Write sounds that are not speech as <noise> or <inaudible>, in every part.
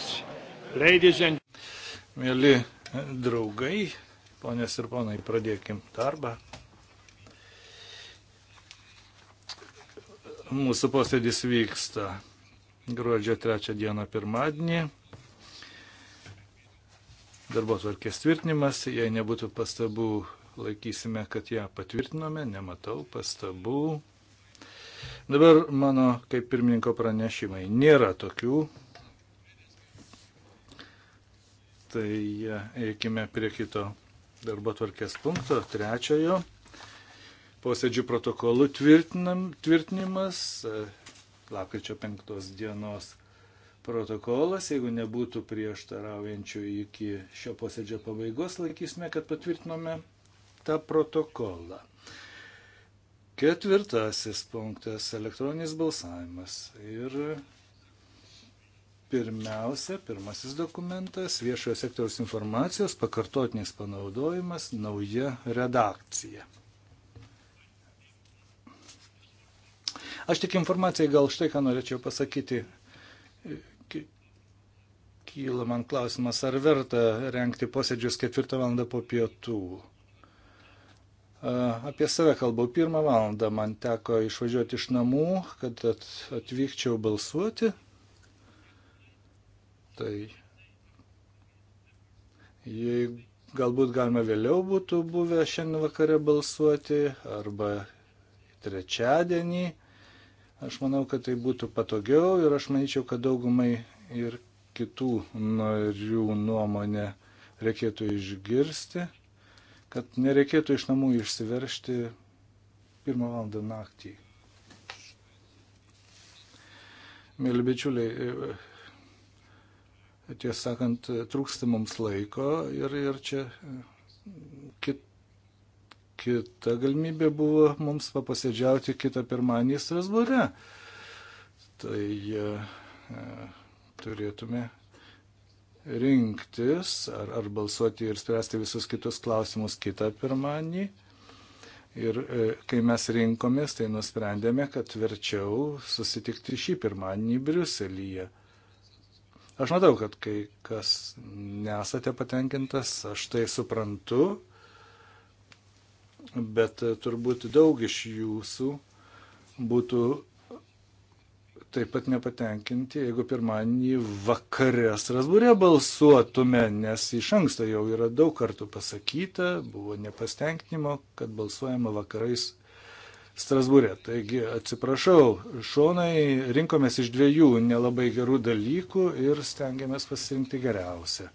friends, ladies and... Mėly draugai, ponės ir ponai, pradėkim darbą. Mūsų posėdis vyksta gruodžio trečią dieną pirmadienį. Darbo tvarkės tvirtinimas, jei nebūtų pastabų, laikysime, kad ją patvirtinome, nematau pastabų. Dabar mano kaip pirmininko pranešimai. Nėra tokių tai e, eikime prie kito darbo tvarkės punkto, trečiojo. Posėdžių protokolų tvirtinimas, e, lapkričio penktos dienos protokolas, jeigu nebūtų prieštaraujančių iki šio posėdžio pabaigos, laikysime, kad patvirtinome tą protokolą. Ketvirtasis punktas - elektroninis balsavimas. Ir Pirmiausia, pirmasis dokumentas - viešojo sektoriaus informacijos pakartotinis panaudojimas - nauja redakcija. Aš tik informacijai gal štai ką norėčiau pasakyti. Kyla man klausimas, ar verta renkti posėdžius ketvirtą valandą po pietų. Apie save kalbau. Pirmą valandą man teko išvažiuoti iš namų, kad atvykčiau balsuoti Tai jei galbūt galima vėliau būtų buvę šiandien vakare balsuoti arba trečiadienį, aš manau, kad tai būtų patogiau ir aš manyčiau, kad daugumai ir kitų narių nuomonę reikėtų išgirsti, kad nereikėtų iš namų išsiveršti pirmą valandą naktį. Mėly bičiuliai, Tiesą sakant, trūksta mums laiko ir, ir čia e, kit, kita galimybė buvo mums papasėdžiauti kitą pirmąjį Strasbūrę. Tai e, e, turėtume rinktis ar, ar balsuoti ir spręsti visus kitus klausimus kitą pirmąjį. Ir e, kai mes rinkomės, tai nusprendėme, kad verčiau susitikti šį pirmadienį Briuselyje. Aš matau, kad kai kas nesate patenkintas, aš tai suprantu, bet turbūt daug iš jūsų būtų taip pat nepatenkinti, jeigu pirmąjį vakarę Strasbūrė balsuotume, nes iš anksto jau yra daug kartų pasakyta, buvo nepastenkinimo, kad balsuojama vakarais Strasbūrė. Taigi atsiprašau, šonai rinkomės iš dviejų nelabai gerų dalykų ir stengiamės pasirinkti geriausią.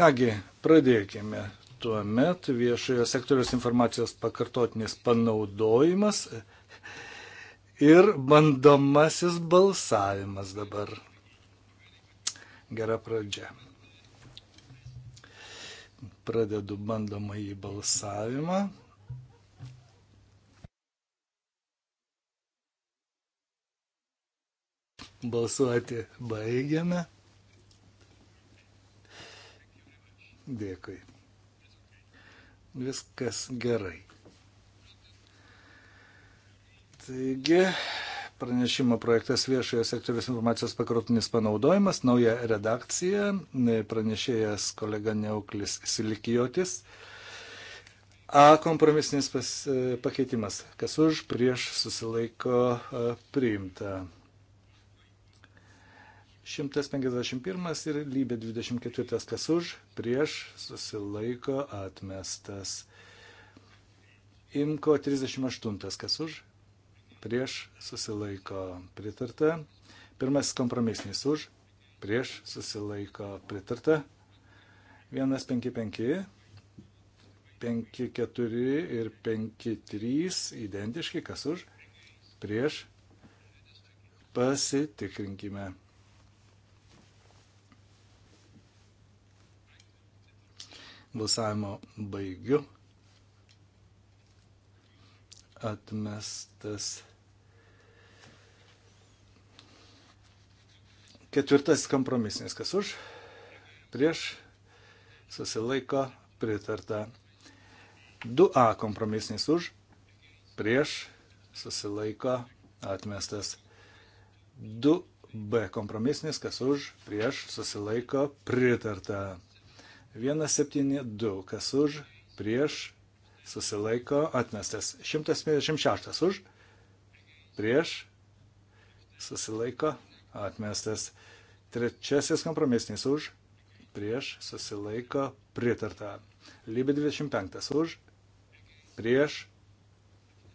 Kągi, pradėkime. Tuomet viešojo sektoriaus informacijos pakartotinis panaudojimas ir bandomasis balsavimas dabar. Gera pradžia. Pradedu bandomąjį balsavimą. Balsuoti baigiame. Dėkui. Viskas gerai. Taigi, Pranešimo projektas viešojo sektoriaus informacijos pakartotinis panaudojimas, nauja redakcija, e, pranešėjas kolega Neuklis Silikijotis. A kompromisinis pas, e, pakeitimas, kas už, prieš susilaiko e, priimta. 151 ir lybė 24, kas už, prieš susilaiko atmestas. Imko 38, kas už, prieš susilaiko pritarta. Pirmasis kompromisinis už, prieš susilaiko pritarta. 155, 54 ir 53 identiški, kas už, prieš pasitikrinkime. Balsavimo baigiu. Atmestas Ketvirtas kompromisinis, kas už, prieš, susilaiko, pritarta. 2A kompromisinis už, prieš, susilaiko, atmestas. 2B kompromisinis, kas už, prieš, susilaiko, pritarta. 172, kas už, prieš, susilaiko, atmestas. 156 už, prieš, susilaiko, atmestas atmestas. Trečiasis kompromisinis už, prieš, susilaiko, pritarta. Lybė 25 už, prieš,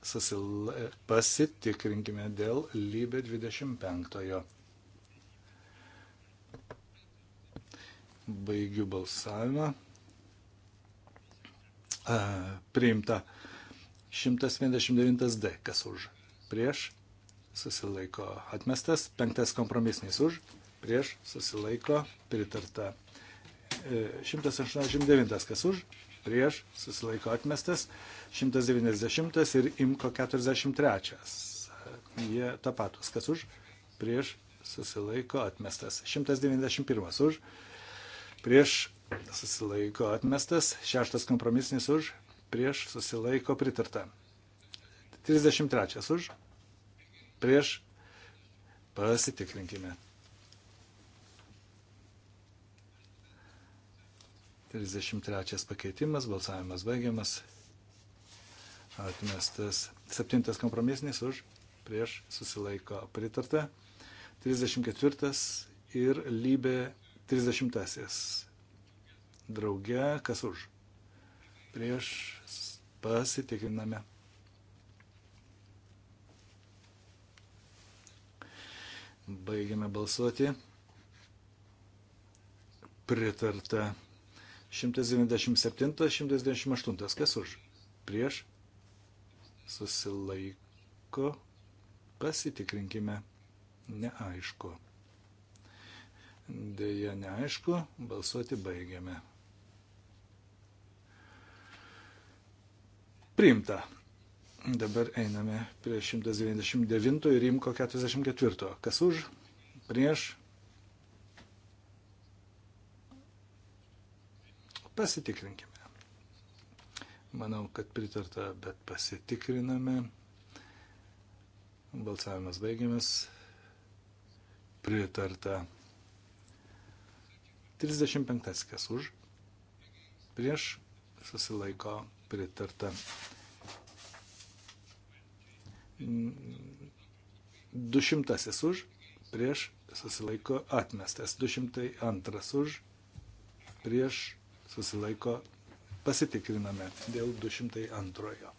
susila... pasitikrinkime dėl lybė 25. -ojo. Baigiu balsavimą. A, priimta 129D, kas už, prieš, susilaiko atmestas, penktas kompromisinis už, prieš susilaiko pritarta. 189 e, kas už, prieš susilaiko atmestas, 190 ir imko 43. Jie tapatus kas už, prieš susilaiko atmestas, 191 už, prieš susilaiko atmestas, šeštas kompromisinis už, prieš susilaiko pritarta. 33 už, prieš, pasitikrinkime. 33 pakeitimas, balsavimas baigiamas, atmestas 7 kompromisinis už, prieš, susilaiko pritarta, 34 ir lybė 30 drauge, kas už. Prieš pasitikriname. Baigiame balsuoti. Pritarta. 197, 198. Kas už? Prieš. Susilaiko. Pasitikrinkime. Neaišku. Deja, neaišku. Balsuoti baigiame. Priimta. Dabar einame prie 199 ir imko 44. Kas už, prieš. Pasitikrinkime. Manau, kad pritarta, bet pasitikriname. Balsavimas baigiamas. Pritarta. 35. Kas už, prieš, susilaiko pritarta. 200 už, prieš susilaiko atmestas, 202 už, prieš susilaiko pasitikriname dėl 202.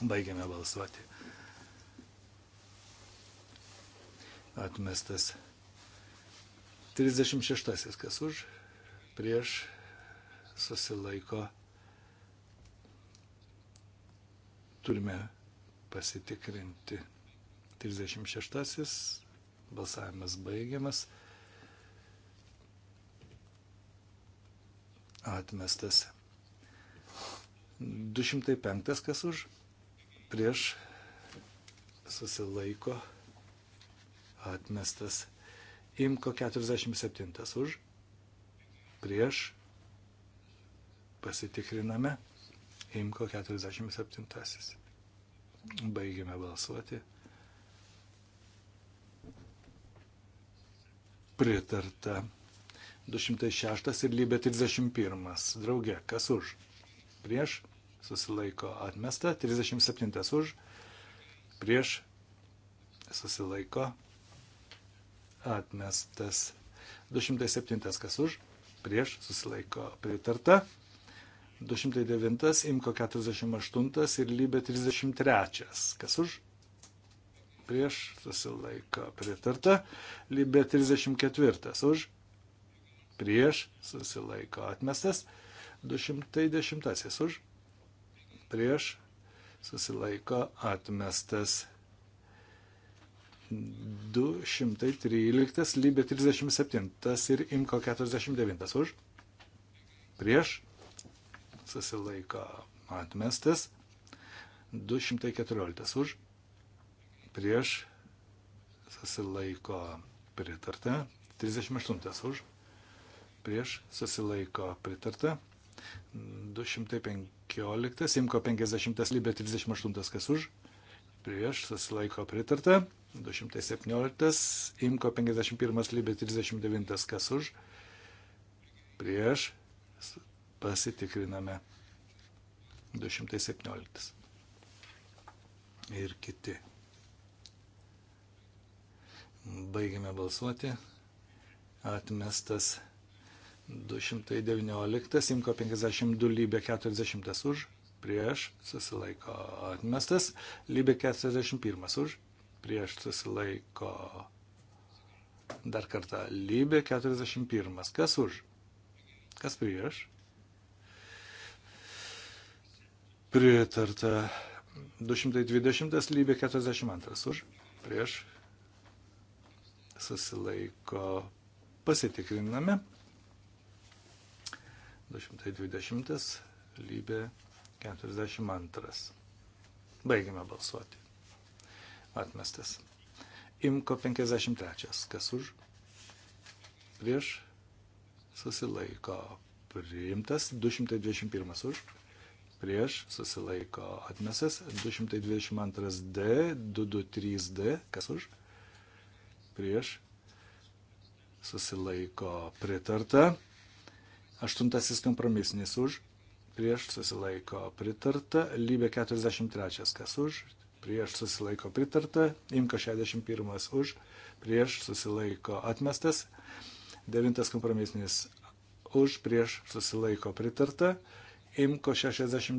Baigiame balsuoti. Atmestas 36. Kas už, prieš susilaiko atmestas Turime pasitikrinti. 36. Balsavimas baigiamas. Atmestas. 205. Kas už? Prieš susilaiko. Atmestas. Imko 47. Už. Prieš. Pasitikriname. Imko 47. Baigiame balsuoti. Pritarta. 206 ir lybė 31. Drauge, kas už? Prieš susilaiko atmesta. 37 už. Prieš susilaiko atmestas. 207 kas už. Prieš susilaiko pritarta. 209, Imko 48 ir Lybė 33. Kas už? Prieš susilaiko pritarta. Lybė 34. Už? Prieš susilaiko atmestas. 210. Už? Prieš susilaiko atmestas. 213, Lybė 37 ir Imko 49. Už? Prieš susilaiko atmestas, 214 už, prieš susilaiko pritarta, 38 už, prieš susilaiko pritarta, 215, Simko 50, Libė 38 kas už, prieš susilaiko pritarta, 217, Imko 51, Libė 39 kas už, prieš pasitikriname 217 ir kiti. Baigiame balsuoti. Atmestas 219, Imko 52, Lybė 40 už, prieš susilaiko atmestas, Lybė 41 už, prieš susilaiko dar kartą, Lybė 41, kas už, kas prieš, Pritarta 220 lybė 42 už, prieš susilaiko pasitikriname. 220 lybė 42. Baigime balsuoti. Atmestas. Imko 53. Kas už? Prieš susilaiko priimtas. 221 už prieš susilaiko atmestas, 222D, 223D, kas už, prieš susilaiko pritarta, aštuntasis kompromisinis už, prieš susilaiko pritarta, lybė 43, kas už, prieš susilaiko pritarta, imko 61 už, prieš susilaiko atmestas, devintas kompromisinis už, prieš susilaiko pritarta, Imko 69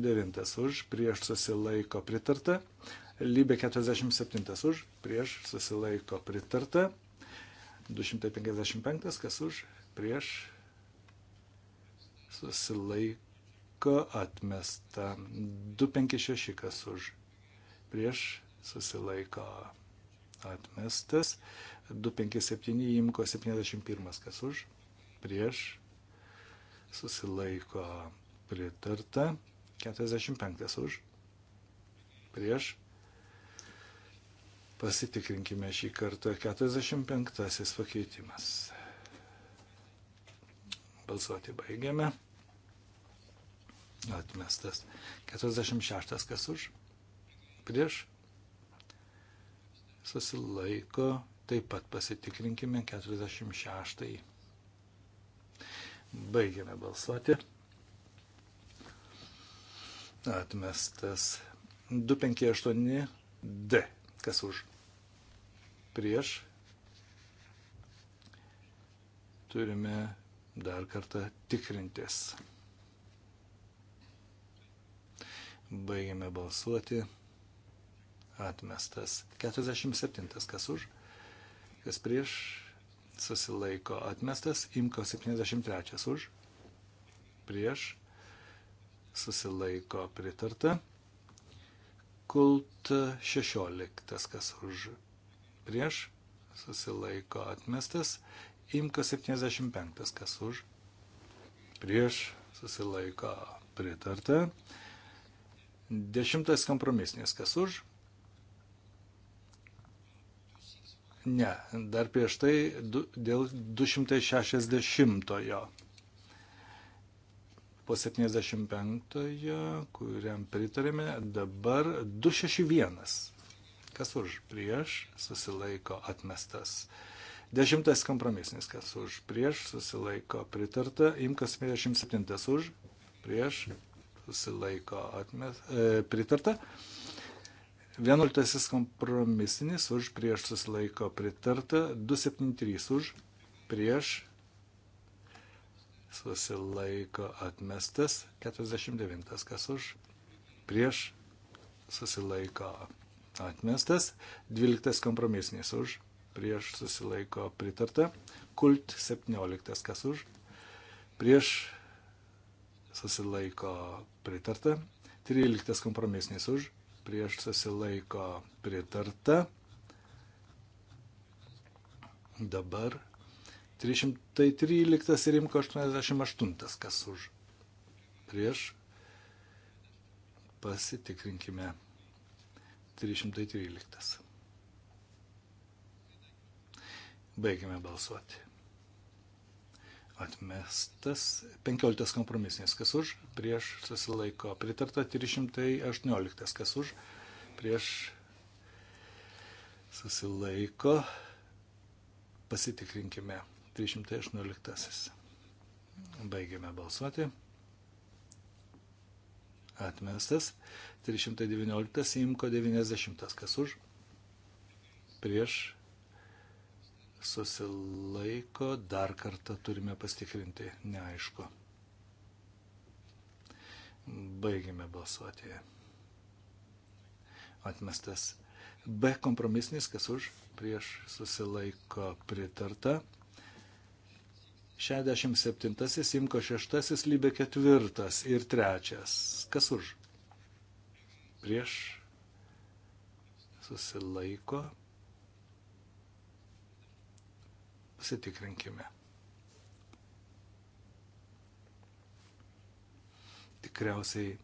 už, prieš susilaiko pritarta. Lybė 47 už, prieš susilaiko pritarta. 255 kas už, prieš susilaiko atmesta. 256 kas už, prieš susilaiko atmestas. 257 Imko 71 kas už, prieš susilaiko atmesta pritarta. 45 už, prieš. Pasitikrinkime šį kartą 45 pakeitimas. Balsuoti baigiame. Atmestas. 46 kas už, prieš. Susilaiko. Taip pat pasitikrinkime 46. Baigiame balsuoti atmestas. 258D. Kas už? Prieš. Turime dar kartą tikrintis. Baigiame balsuoti. Atmestas. 47. Kas už? Kas prieš? Susilaiko atmestas. Imko 73 už. Prieš susilaiko pritarta. Kult 16, kas už prieš, susilaiko atmestas. Imka 75, kas už prieš, susilaiko pritarta. Dešimtas kompromisnis, kas už? Ne, dar prieš tai du, dėl 260. -ojo po 75, kuriam pritarėme, dabar 261. Kas už prieš susilaiko atmestas. Dešimtas kompromisinis, kas už prieš susilaiko pritarta, imkas 57 už prieš susilaiko atmes, e, pritarta. Vienuoliktasis kompromisinis už prieš susilaiko pritarta, 273 už prieš susilaiko atmestas, 49 kas už, prieš susilaiko atmestas, 12 kompromisinis už, prieš susilaiko pritarta, kult 17 kas už, prieš susilaiko pritarta, 13 kompromisinis už, prieš susilaiko pritarta. Dabar 313 ir imko 88, kas už. Prieš pasitikrinkime 313. Baigime balsuoti. Atmestas 15 kompromisinis, kas už, prieš susilaiko. Pritarta 318, kas už, prieš susilaiko. Pasitikrinkime 313. 318. Baigiame balsuoti. Atmestas. 319. Imko 90. Kas už? Prieš susilaiko. Dar kartą turime pastikrinti. Neaišku. Baigiame balsuoti. Atmestas. B kompromisnis, kas už, prieš susilaiko pritarta. 67, Imko 6, Lybė 4 ir 3. Kas už? Prieš susilaiko. Pasitikrinkime. Tikriausiai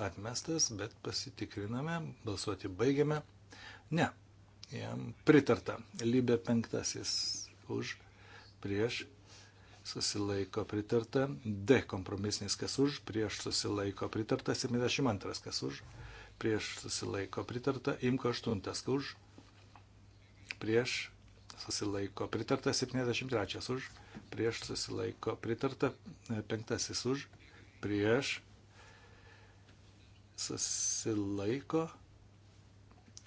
atmestas, bet pasitikriname, balsuoti baigiame. Ne, jam pritarta. Lybė penktasis už, prieš susilaiko pritarta, D kompromisinis kas už, prieš susilaiko pritarta, 72 kas už, prieš susilaiko pritarta, imko 8 už, prieš susilaiko pritarta, 73 už, prieš susilaiko pritarta, 5 už, prieš susilaiko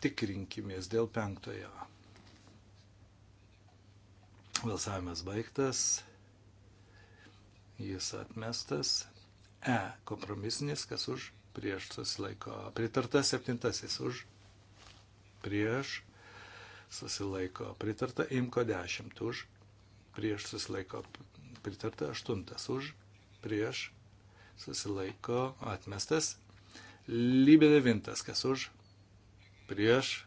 tikrinkimės dėl penktojo. Balsavimas baigtas jis atmestas. E kompromisinis, kas už prieš susilaiko. Pritarta septintasis už prieš susilaiko. Pritarta imko dešimt už prieš susilaiko. Pritarta aštuntas už prieš susilaiko. Atmestas. Lybė devintas, kas už prieš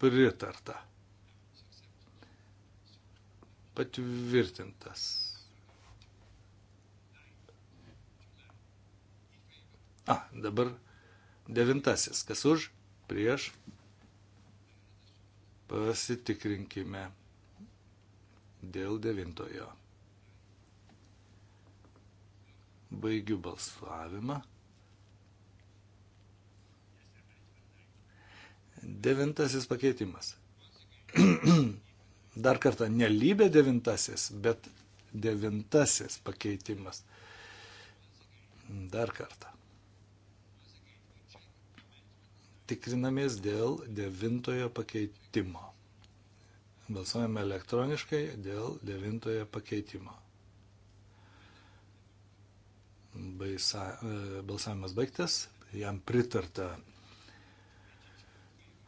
pritarta patvirtintas. A, dabar devintasis. Kas už? Prieš. Pasitikrinkime dėl devintojo. Baigiu balsavimą. Devintasis pakeitimas. <clears throat> Dar kartą, nelybė devintasis, bet devintasis pakeitimas. Dar kartą. Tikrinamės dėl devintojo pakeitimo. Balsuojame elektroniškai dėl devintojo pakeitimo. Baisa, e, balsavimas baigtas, jam pritarta.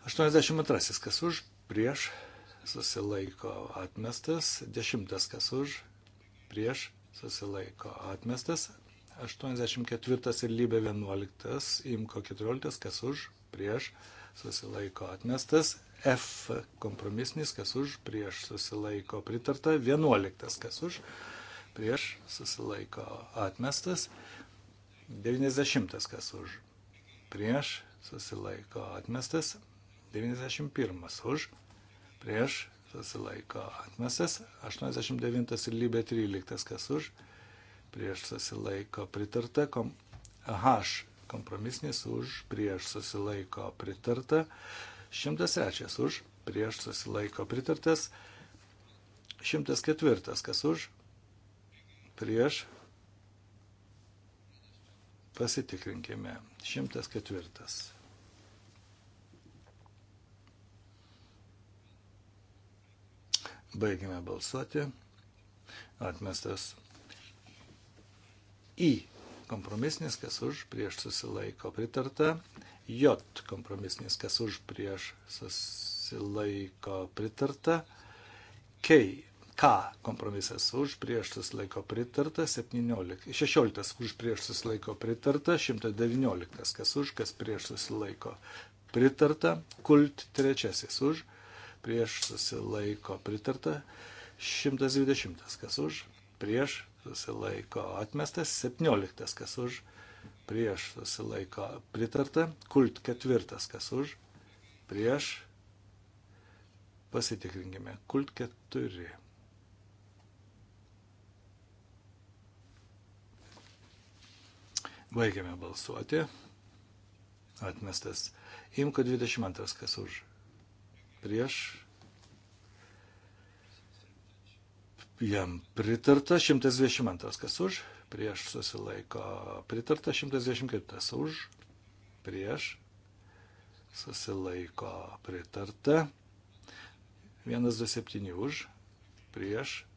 82. Kas už, prieš, susilaiko atmestas, dešimtas kas už, prieš susilaiko atmestas, 84 ir lybė 11, imko 14 kas už, prieš susilaiko atmestas, F kompromisnis kas už, prieš susilaiko pritarta, 11 kas už, prieš susilaiko atmestas, 90 kas už, prieš susilaiko atmestas, 91 už, prieš, susilaiko atmestas, 89 ir lybė 13, kas už, prieš susilaiko pritarta, kom, H kompromisnis už, prieš susilaiko pritarta, 103 už, prieš susilaiko pritartas, 104 kas už, prieš pasitikrinkime, 104. Baigime balsuoti. Atmestas į kompromisinis, kas už, prieš susilaiko pritarta. J kompromisinis, kas už, prieš susilaiko pritarta. K. K kompromisas už, prieš susilaiko pritarta. 17, 16 už, prieš susilaiko pritarta. 119, kas už, kas prieš susilaiko pritarta. Kult trečiasis už prieš susilaiko pritarta, 120 kas už, prieš susilaiko atmestas, 17 kas už, prieš susilaiko pritarta, kult ketvirtas kas už, prieš pasitikrinkime, kult keturi. Baigiame balsuoti. Atmestas. Imko 22, kas už prieš. Jam pritarta 122, kas už, prieš susilaiko pritarta 124, už, prieš susilaiko pritarta 127 už, prieš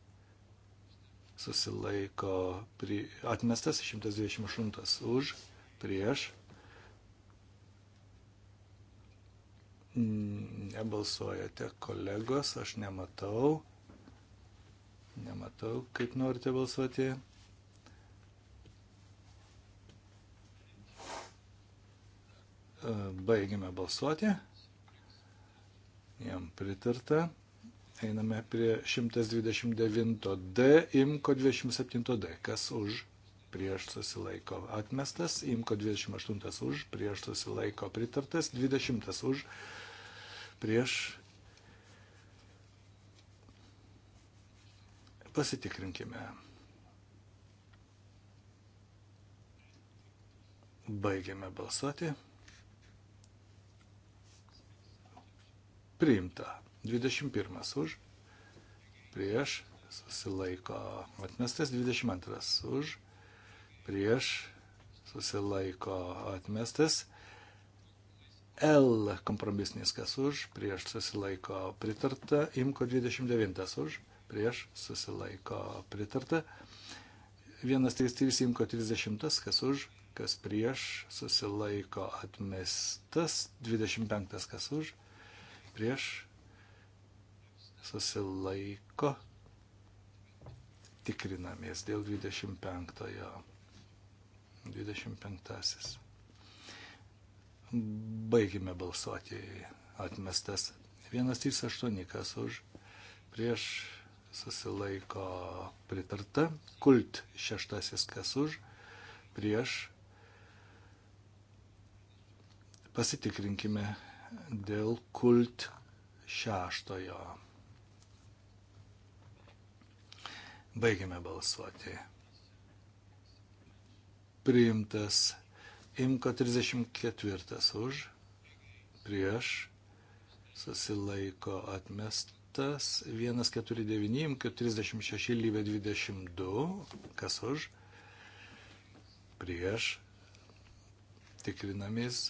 susilaiko pri, atmestas 128 už, prieš Mm, nebalsuojate kolegos, aš nematau. Nematau, kaip norite balsuoti. E, baigime balsuoti. Jam pritarta. Einame prie 129D, imko 27D. Kas už prieš susilaiko atmestas, imko 28 už prieš susilaiko pritartas, 20 už prieš. Pasitikrinkime. Baigiame balsuoti. Priimta. 21 už. Prieš. Susilaiko. Atmestas 22 už. Prieš. Susilaiko. Atmestas L kompromisnis kas už, prieš susilaiko pritarta, imko 29 už, prieš susilaiko pritarta, 133 imko 30 kas už, kas prieš susilaiko atmestas, 25 kas už, prieš susilaiko tikrinamės dėl 25. -ojo. 25. -asis. Baigime balsuoti atmestas. 138 kas už prieš susilaiko pritarta. Kult šeštasis kas už prieš. Pasitikrinkime dėl kult šeštojo. Baigime balsuoti. Priimtas Imko 34 už, prieš, susilaiko atmestas, 149, Imko 36, lyve 22, kas už, prieš, tikrinamės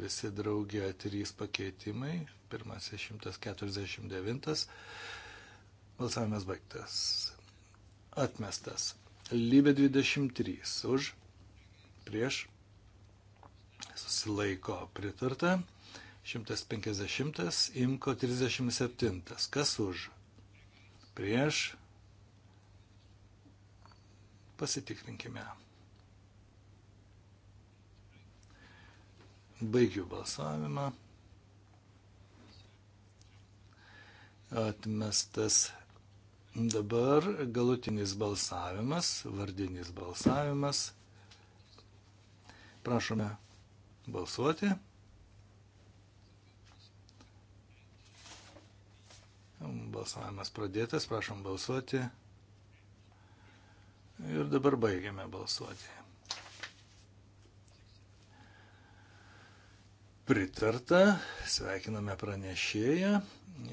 visi draugė trys pakeitimai, pirmasis 149, balsavimas baigtas, atmestas, lyve 23 už, prieš, prieš susilaiko pritarta. 150 imko 37. Kas už? Prieš. Pasitikrinkime. Baigiu balsavimą. Atmestas dabar galutinis balsavimas, vardinis balsavimas. Prašome balsuoti. Balsavimas pradėtas, prašom balsuoti. Ir dabar baigiame balsuoti. Pritarta, sveikiname pranešėją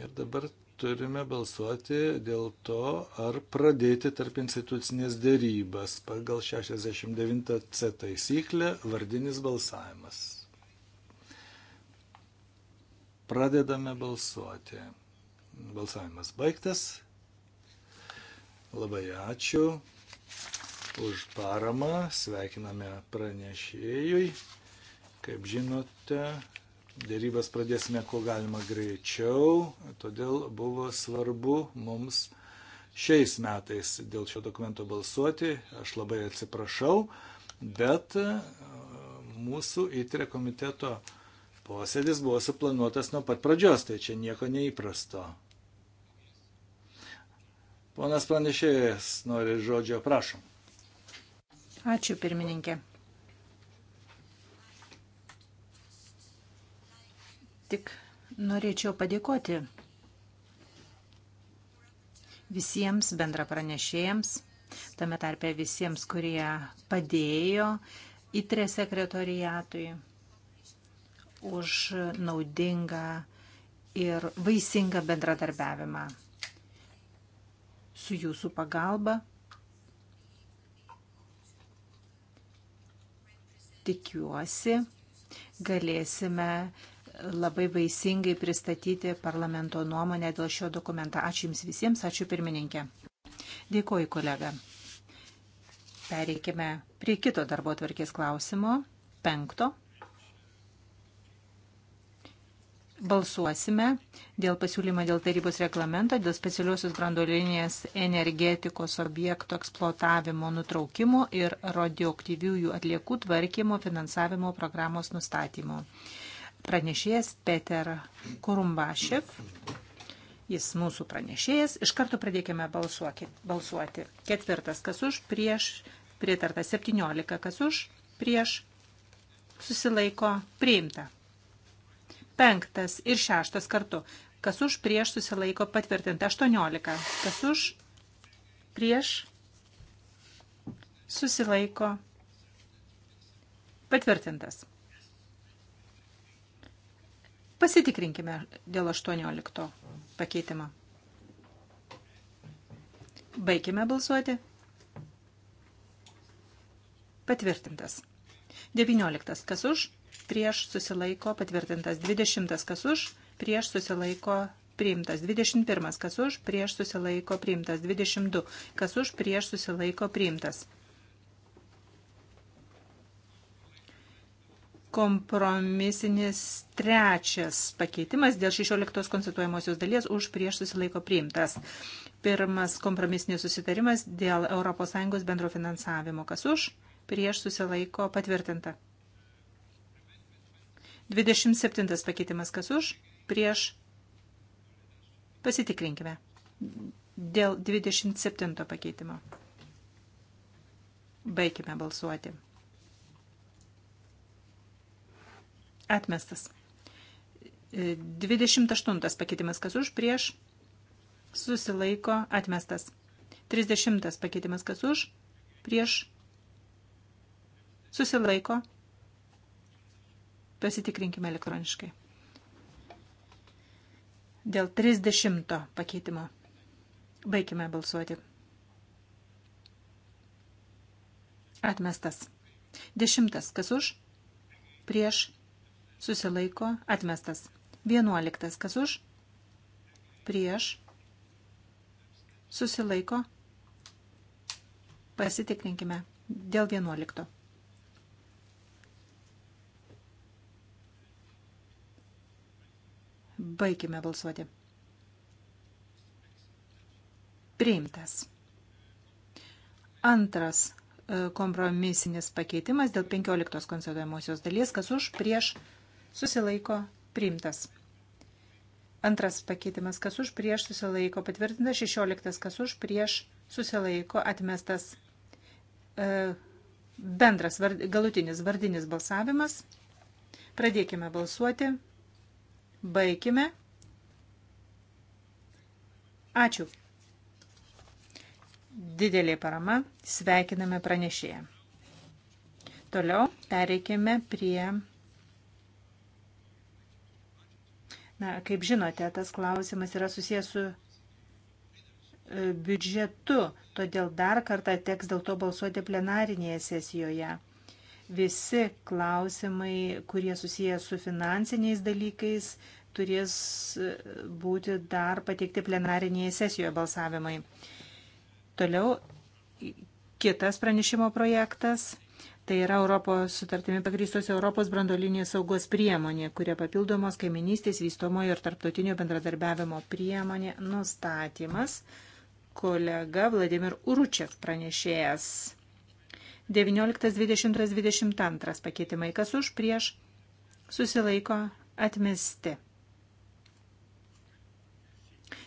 ir dabar turime balsuoti dėl to, ar pradėti tarp institucinės dėrybas pagal 69C taisyklę vardinis balsavimas. Pradedame balsuoti. Balsavimas baigtas. Labai ačiū už paramą. Sveikiname pranešėjui. Kaip žinote, Dėrybas pradėsime kuo galima greičiau, todėl buvo svarbu mums šiais metais dėl šio dokumento balsuoti. Aš labai atsiprašau, bet e, mūsų įtrė komiteto posėdis buvo suplanuotas nuo pat pradžios, tai čia nieko neįprasto. Ponas pranešėjas nori žodžio, prašom. Ačiū pirmininkė. tik norėčiau padėkoti visiems bendrapranešėjams, tame tarpe visiems, kurie padėjo įtre sekretoriatui už naudingą ir vaisingą bendradarbiavimą. Su jūsų pagalba tikiuosi galėsime labai vaisingai pristatyti parlamento nuomonę dėl šio dokumento. Ačiū Jums visiems, ačiū pirmininkė. Dėkuoju, kolega. Pereikime prie kito darbo tvarkės klausimo, penkto. Balsuosime dėl pasiūlymo dėl tarybos reglamento, dėl specialiosios brandolinės energetikos objektų eksploatavimo nutraukimo ir radioaktyviųjų atliekų tvarkymo finansavimo programos nustatymo pranešėjas Peter Kurumbašev. Jis mūsų pranešėjas. Iš karto pradėkime balsuoti. Ketvirtas, kas už, prieš, pritarta 17, kas už, prieš, susilaiko, priimta. Penktas ir šeštas kartu, kas už, prieš, susilaiko, patvirtinta 18, kas už, prieš, susilaiko, patvirtintas. Pasitikrinkime dėl 18 pakeitimo. Baigime balsuoti. Patvirtintas. 19. Kas už? Prieš susilaiko patvirtintas. 20. Kas už? Prieš susilaiko priimtas 21, kas už prieš susilaiko priimtas 22, kas už prieš susilaiko priimtas kompromisinis trečias pakeitimas dėl 16 konstituojamosios dalies už prieš susilaiko priimtas. Pirmas kompromisinis susitarimas dėl ES bendro finansavimo. Kas už? Prieš susilaiko patvirtinta. 27 pakeitimas. Kas už? Prieš. Pasitikrinkime. Dėl 27 pakeitimo. Baikime balsuoti. Atmestas. 28 pakeitimas kas už, prieš, susilaiko, atmestas. 30 pakeitimas kas už, prieš, susilaiko, pasitikrinkime elektroniškai. Dėl 30 pakeitimo. Baigime balsuoti. Atmestas. Dešimtas. Kas už? Prieš susilaiko, atmestas. 11. Kas už, prieš, susilaiko, pasitikrinkime dėl 11. Baikime balsuoti. Priimtas. Antras e, kompromisinis pakeitimas dėl 15 konstatuojamosios dalies, kas už prieš susilaiko priimtas. Antras pakeitimas, kas už prieš susilaiko patvirtintas, šešioliktas, kas už prieš susilaiko atmestas. E, bendras vard, galutinis vardinis balsavimas. Pradėkime balsuoti. Baikime. Ačiū. Didelė parama. Sveikiname pranešėją. Toliau pereikime prie Na, kaip žinote, tas klausimas yra susijęs su e, biudžetu, todėl dar kartą teks dėl to balsuoti plenarinėje sesijoje. Visi klausimai, kurie susiję su finansiniais dalykais, turės e, būti dar pateikti plenarinėje sesijoje balsavimai. Toliau kitas pranešimo projektas Tai yra Europos sutartimi pagrįstos Europos brandolinės saugos priemonė, kuria papildomos kaiminystės vystomojo ir tarptautinio bendradarbiavimo priemonė nustatymas. Kolega Vladimir Uručev pranešėjas. 19.20.22 pakeitimai, kas už prieš susilaiko atmesti.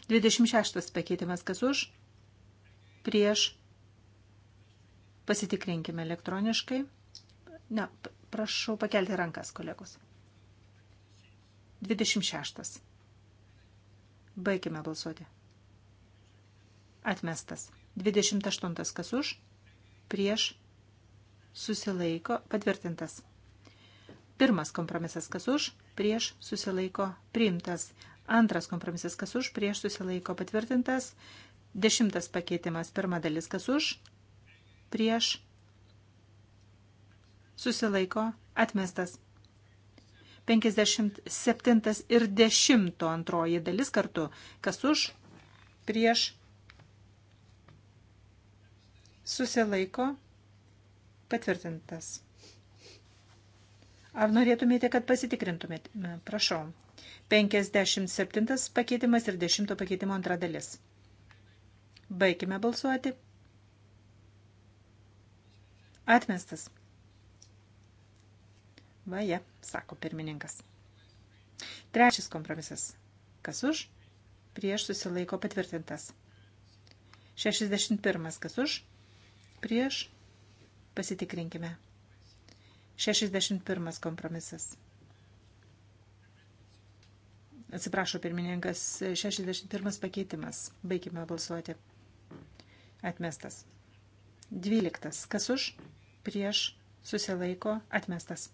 26 pakeitimas, kas už prieš Pasitikrinkime elektroniškai. Na, prašau pakelti rankas, kolegos. 26. Baigime balsuoti. Atmestas. 28. Kas už? Prieš. Susilaiko. Patvirtintas. Pirmas kompromisas. Kas už? Prieš. Susilaiko. Priimtas. Antras kompromisas. Kas už? Prieš. Susilaiko. Patvirtintas. Dešimtas pakeitimas. Pirma dalis. Kas už? prieš, susilaiko, atmestas. 57 ir 10 antroji dalis kartu, kas už, prieš, susilaiko, patvirtintas. Ar norėtumėte, kad pasitikrintumėte? Prašau. 57 pakeitimas ir 10 pakeitimo antra dalis. Baigime balsuoti. Atmestas. Vaja, sako pirmininkas. Trečias kompromisas. Kas už? Prieš susilaiko patvirtintas. 61. Kas už? Prieš. Pasitikrinkime. 61. kompromisas. Atsiprašau, pirmininkas. 61. pakeitimas. Baigime balsuoti. Atmestas. 12. Kas už, prieš, susilaiko, atmestas.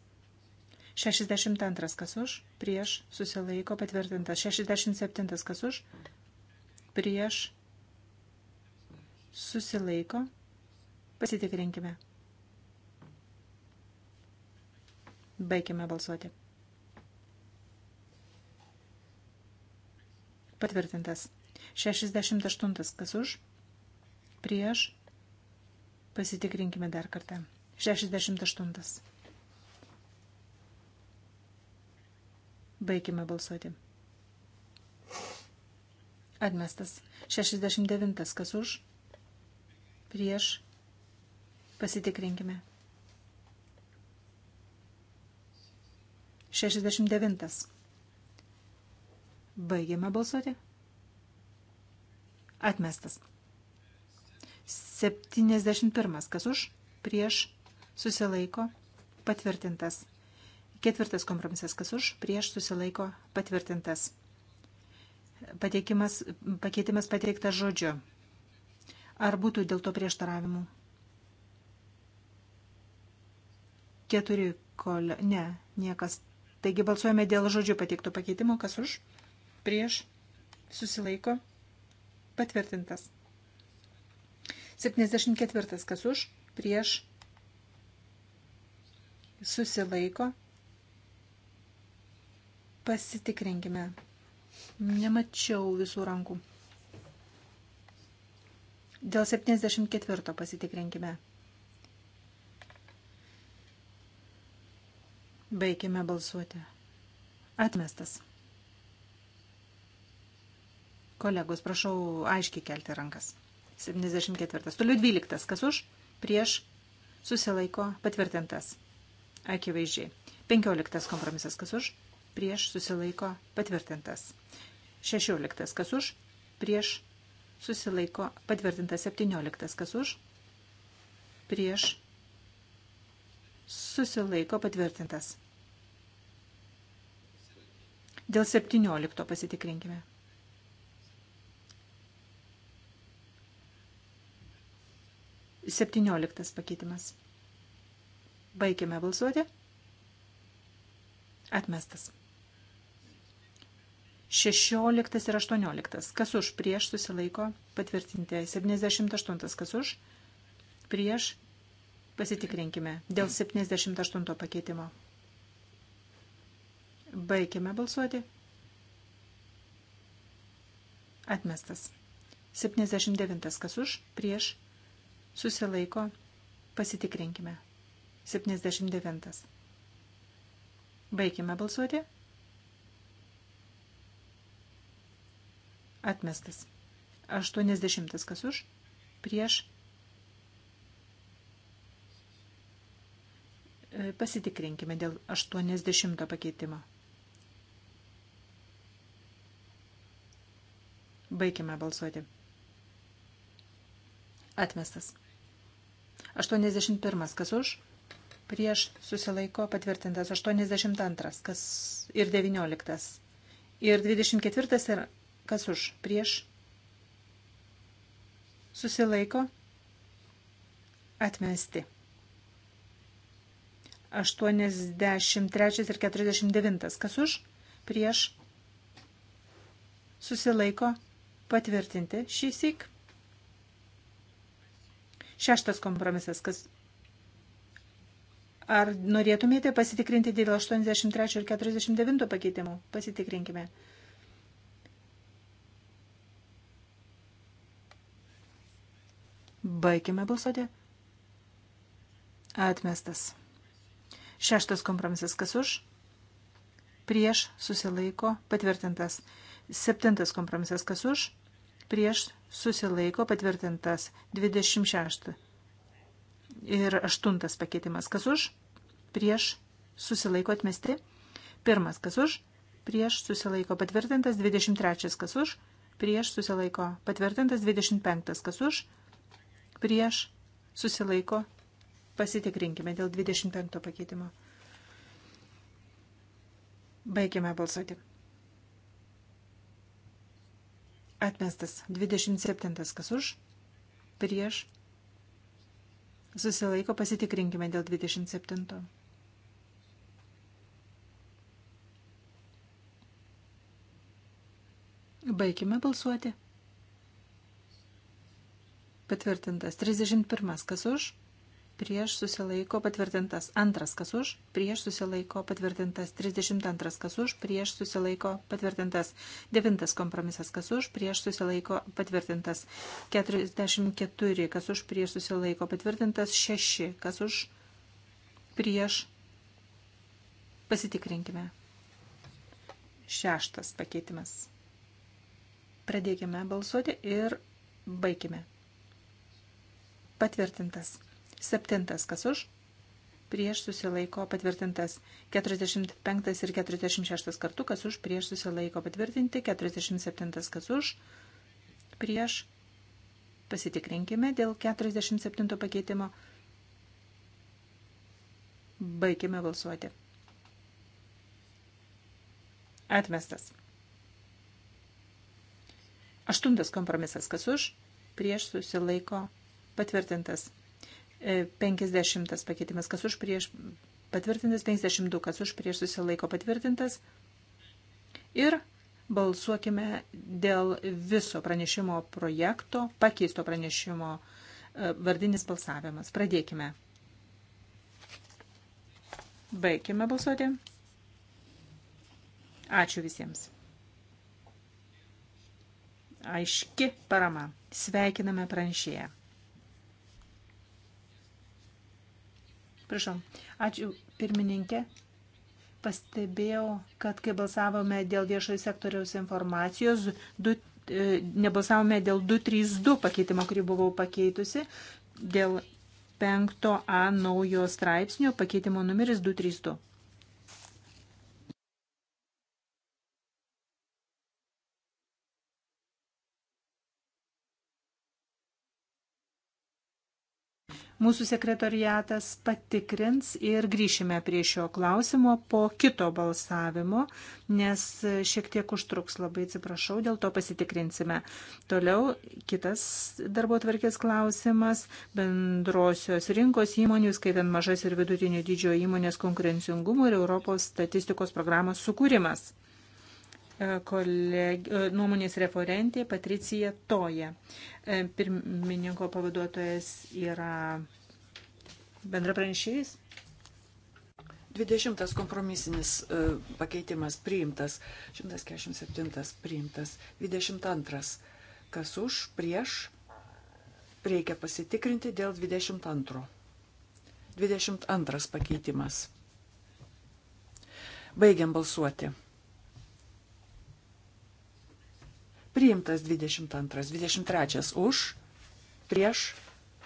62. Kas už, prieš, susilaiko, patvirtintas. 67. Kas už, prieš, susilaiko, pasitikrinkime. Baigime balsuoti. Patvirtintas. 68. Kas už? Prieš Pasitikrinkime dar kartą. 68. Baigime balsuoti. Atmestas. 69. Kas už? Prieš. Pasitikrinkime. 69. Baigėme balsuoti. Atmestas. 71. Kas už? Prieš. Susilaiko. Patvirtintas. Ketvirtas kompromisas. Kas už? Prieš. Susilaiko. Patvirtintas. Pateikimas, pakeitimas pateiktas žodžiu. Ar būtų dėl to prieštaravimų? Keturi kol... Ne, niekas. Taigi balsuojame dėl žodžių pateiktų pakeitimų. Kas už? Prieš. Susilaiko. Patvirtintas. 74. Kas už? Prieš. Susilaiko. Pasitikrinkime. Nemačiau visų rankų. Dėl 74 pasitikrinkime. Baigime balsuoti. Atmestas. Kolegos, prašau aiškiai kelti rankas. 74. Toliau 12. Kas už? Prieš susilaiko patvirtintas. Akivaizdžiai. 15. Kompromisas. Kas už? Prieš susilaiko patvirtintas. 16. Kas už? Prieš susilaiko patvirtintas. 17. Kas už? Prieš susilaiko patvirtintas. Dėl 17 pasitikrinkime. 17 pakeitimas. Baigiame balsuoti. Atmestas. 16 ir 18. Kas už prieš susilaiko patvirtinti. 78. Kas už prieš pasitikrinkime dėl 78 pakeitimo. Baigiame balsuoti. Atmestas. 79. Kas už prieš susilaiko, pasitikrinkime. 79. Baigime balsuoti. Atmestas. 80. Kas už? Prieš. E, pasitikrinkime dėl 80 pakeitimo. Baigime balsuoti. Atmestas. 81. Kas už? Prieš susilaiko patvirtintas. 82. Kas ir 19. Ir 24. Ir kas už? Prieš susilaiko atmesti. 83 ir 49. Kas už? Prieš. Susilaiko patvirtinti šį sik. Šeštas kompromisas, kas. Ar norėtumėte pasitikrinti dėl 83 ir 49 pakeitimų? Pasitikrinkime. Baigime balsuoti. Atmestas. Šeštas kompromisas kas už? Prieš susilaiko patvirtintas. Septintas kompromisas kas už? prieš susilaiko patvirtintas 26 ir 8 pakeitimas. Kas už? Prieš susilaiko atmesti. Pirmas kas už? Prieš susilaiko patvirtintas 23 kas už? Prieš susilaiko patvirtintas 25 kas už? Prieš susilaiko pasitikrinkime dėl 25 pakeitimo. Baigime balsuoti. Atmestas 27. Kas už? Prieš. Susilaiko pasitikrinkime dėl 27. Baikime balsuoti. Patvirtintas 31. Kas už? prieš susilaiko patvirtintas antras, kas už, prieš susilaiko patvirtintas 32, kas už, prieš susilaiko patvirtintas 9 kompromisas, kas už, prieš susilaiko patvirtintas 44, kas už, prieš susilaiko patvirtintas 6, kas už, prieš pasitikrinkime. Šeštas pakeitimas. Pradėkime balsuoti ir baigime. Patvirtintas. Septintas, kas už? Prieš susilaiko patvirtintas. 45 ir 46 kartu, kas už? Prieš susilaiko patvirtinti. 47 kas už? Prieš. Pasitikrinkime dėl 47 pakeitimo. Baigime balsuoti. Atmestas. Aštuntas kompromisas, kas už? Prieš susilaiko patvirtintas. 50 e, pakeitimas, kas už prieš patvirtintas, 52, kas už prieš susilaiko patvirtintas. Ir balsuokime dėl viso pranešimo projekto, pakeisto pranešimo e, vardinis balsavimas. Pradėkime. Baigime balsuoti. Ačiū visiems. Aiški parama. Sveikiname pranešėją. Prašau. Ačiū, pirmininkė. Pastebėjau, kad kai balsavome dėl viešojo sektoriaus informacijos, du, e, nebalsavome dėl 232 pakeitimo, kurį buvau pakeitusi, dėl 5A naujo straipsnio pakeitimo numeris 232. Mūsų sekretariatas patikrins ir grįšime prie šio klausimo po kito balsavimo, nes šiek tiek užtruks, labai atsiprašau, dėl to pasitikrinsime. Toliau kitas darbo tvarkės klausimas - bendrosios rinkos įmonių, skaitant mažas ir vidutinio dydžio įmonės konkurencingumo ir Europos statistikos programos sukūrimas. E, koleg, e, nuomonės referentė Patricija Toja. E, pirmininko pavaduotojas yra bendrapranešėjas. 20 kompromisinis pakeitimas priimtas, 147 priimtas, 22 kas už, prieš, reikia pasitikrinti dėl 22. 22 pakeitimas. Baigiam balsuoti. Priimtas 22. 23. Už. Prieš.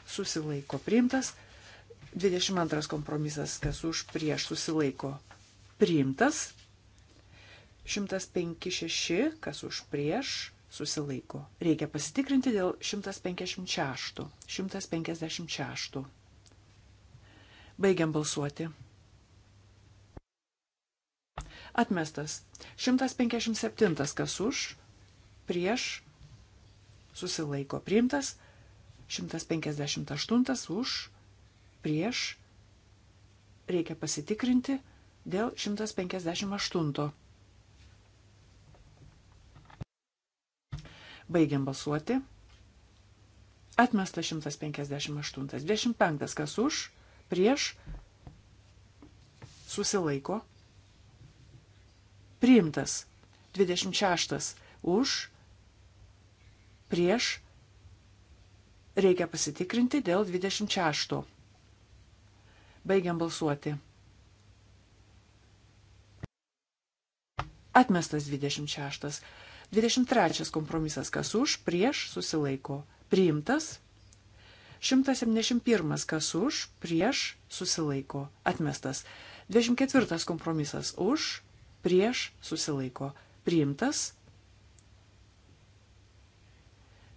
Susilaiko. Priimtas. 22. Kompromisas. Kas už. Prieš. Susilaiko. Priimtas. 156. Kas už. Prieš. Susilaiko. Reikia pasitikrinti dėl 156. 156. Baigiam balsuoti. Atmestas. 157 kas už, prieš, susilaiko priimtas, 158 už, prieš, reikia pasitikrinti dėl 158. Baigiam balsuoti. Atmesta 158. 25. Kas už, prieš, susilaiko. Priimtas. 26. Už, prieš, reikia pasitikrinti dėl 26. Baigiam balsuoti. Atmestas 26. 23 kompromisas kas už, prieš, susilaiko. Priimtas. 171 kas už, prieš, susilaiko. Atmestas. 24 kompromisas už, prieš, susilaiko. Priimtas.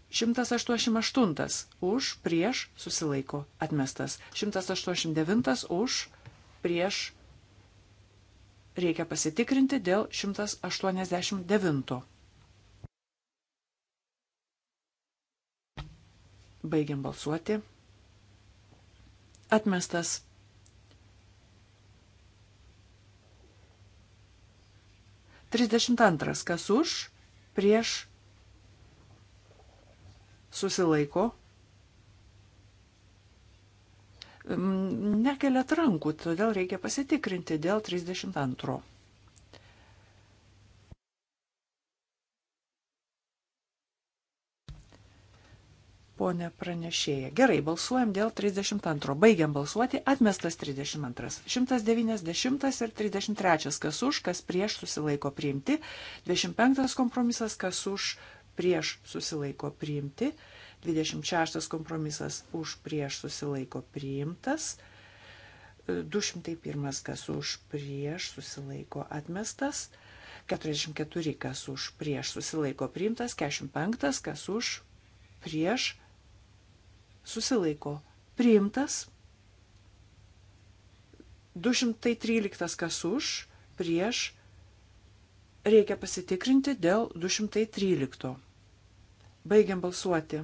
188 už, prieš, susilaiko, atmestas. 189 už, prieš, reikia pasitikrinti dėl 189. Baigiam balsuoti. Atmestas. Trisdešimt antras, kas už, prieš, susilaiko. Mm, Nekeliat rankų, todėl reikia pasitikrinti dėl 32. Pone pranešėja. Gerai, balsuojam dėl 32. Baigiam balsuoti. Atmestas 32. 190 ir 33. Kas už, kas prieš susilaiko priimti. 25. Kompromisas, kas už, prieš susilaiko priimti, 26 kompromisas už prieš susilaiko priimtas, 201 kas už prieš susilaiko atmestas, 44 kas už prieš susilaiko priimtas, 45 kas už prieš susilaiko priimtas, 213 kas už prieš reikia pasitikrinti dėl 213. Baigiam balsuoti.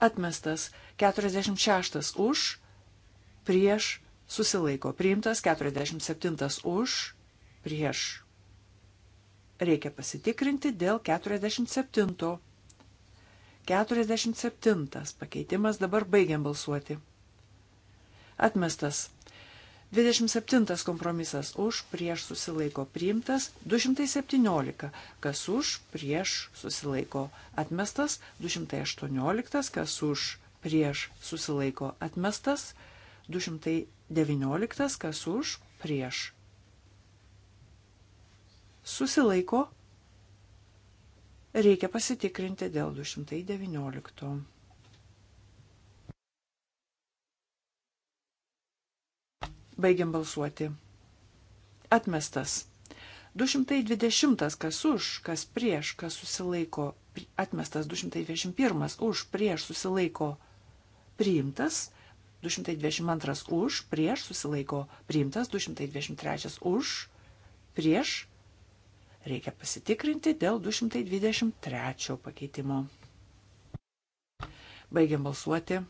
Atmestas 46 už, prieš susilaiko. Priimtas 47 už, prieš. Reikia pasitikrinti dėl 47. 47 pakeitimas dabar baigiam balsuoti. Atmestas 27 kompromisas už prieš susilaiko priimtas, 217 kas už prieš susilaiko atmestas, 218 kas už prieš susilaiko atmestas, 219 kas už prieš susilaiko. Reikia pasitikrinti dėl 219. Baigiam balsuoti. Atmestas. 220, kas už, kas prieš, kas susilaiko. Atmestas 221, už, prieš, susilaiko. Priimtas. 222 už, prieš, susilaiko. Priimtas. 223 už, prieš. Reikia pasitikrinti dėl 223 pakeitimo. Baigiam balsuoti.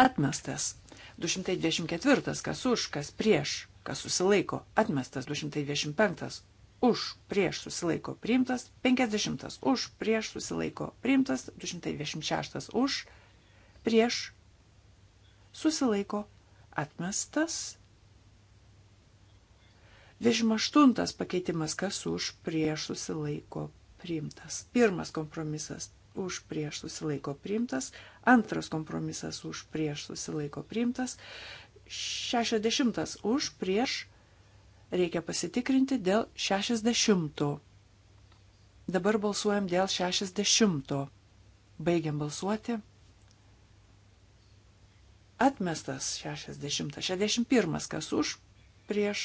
Atmestas. 224, kas už, kas prieš, kas susilaiko, atmestas 225, už, prieš susilaiko, priimtas 50, už, prieš susilaiko, priimtas 226, už, prieš susilaiko, atmestas 28 pakeitimas, kas už, prieš susilaiko, priimtas. Pirmas kompromisas už prieš susilaiko priimtas, antras kompromisas už prieš susilaiko priimtas, 60 už prieš reikia pasitikrinti dėl 60. Dabar balsuojam dėl 60. Baigiam balsuoti. Atmestas 60. 61. Kas už prieš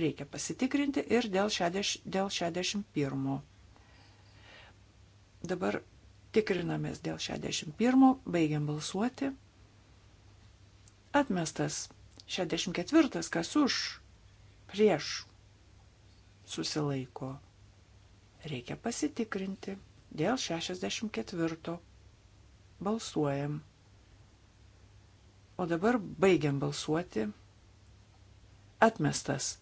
reikia pasitikrinti ir dėl, 60, dėl 61. Dabar tikrinamės dėl 61, baigiam balsuoti. Atmestas 64, kas už, prieš, susilaiko. Reikia pasitikrinti dėl 64. Balsuojam. O dabar baigiam balsuoti. Atmestas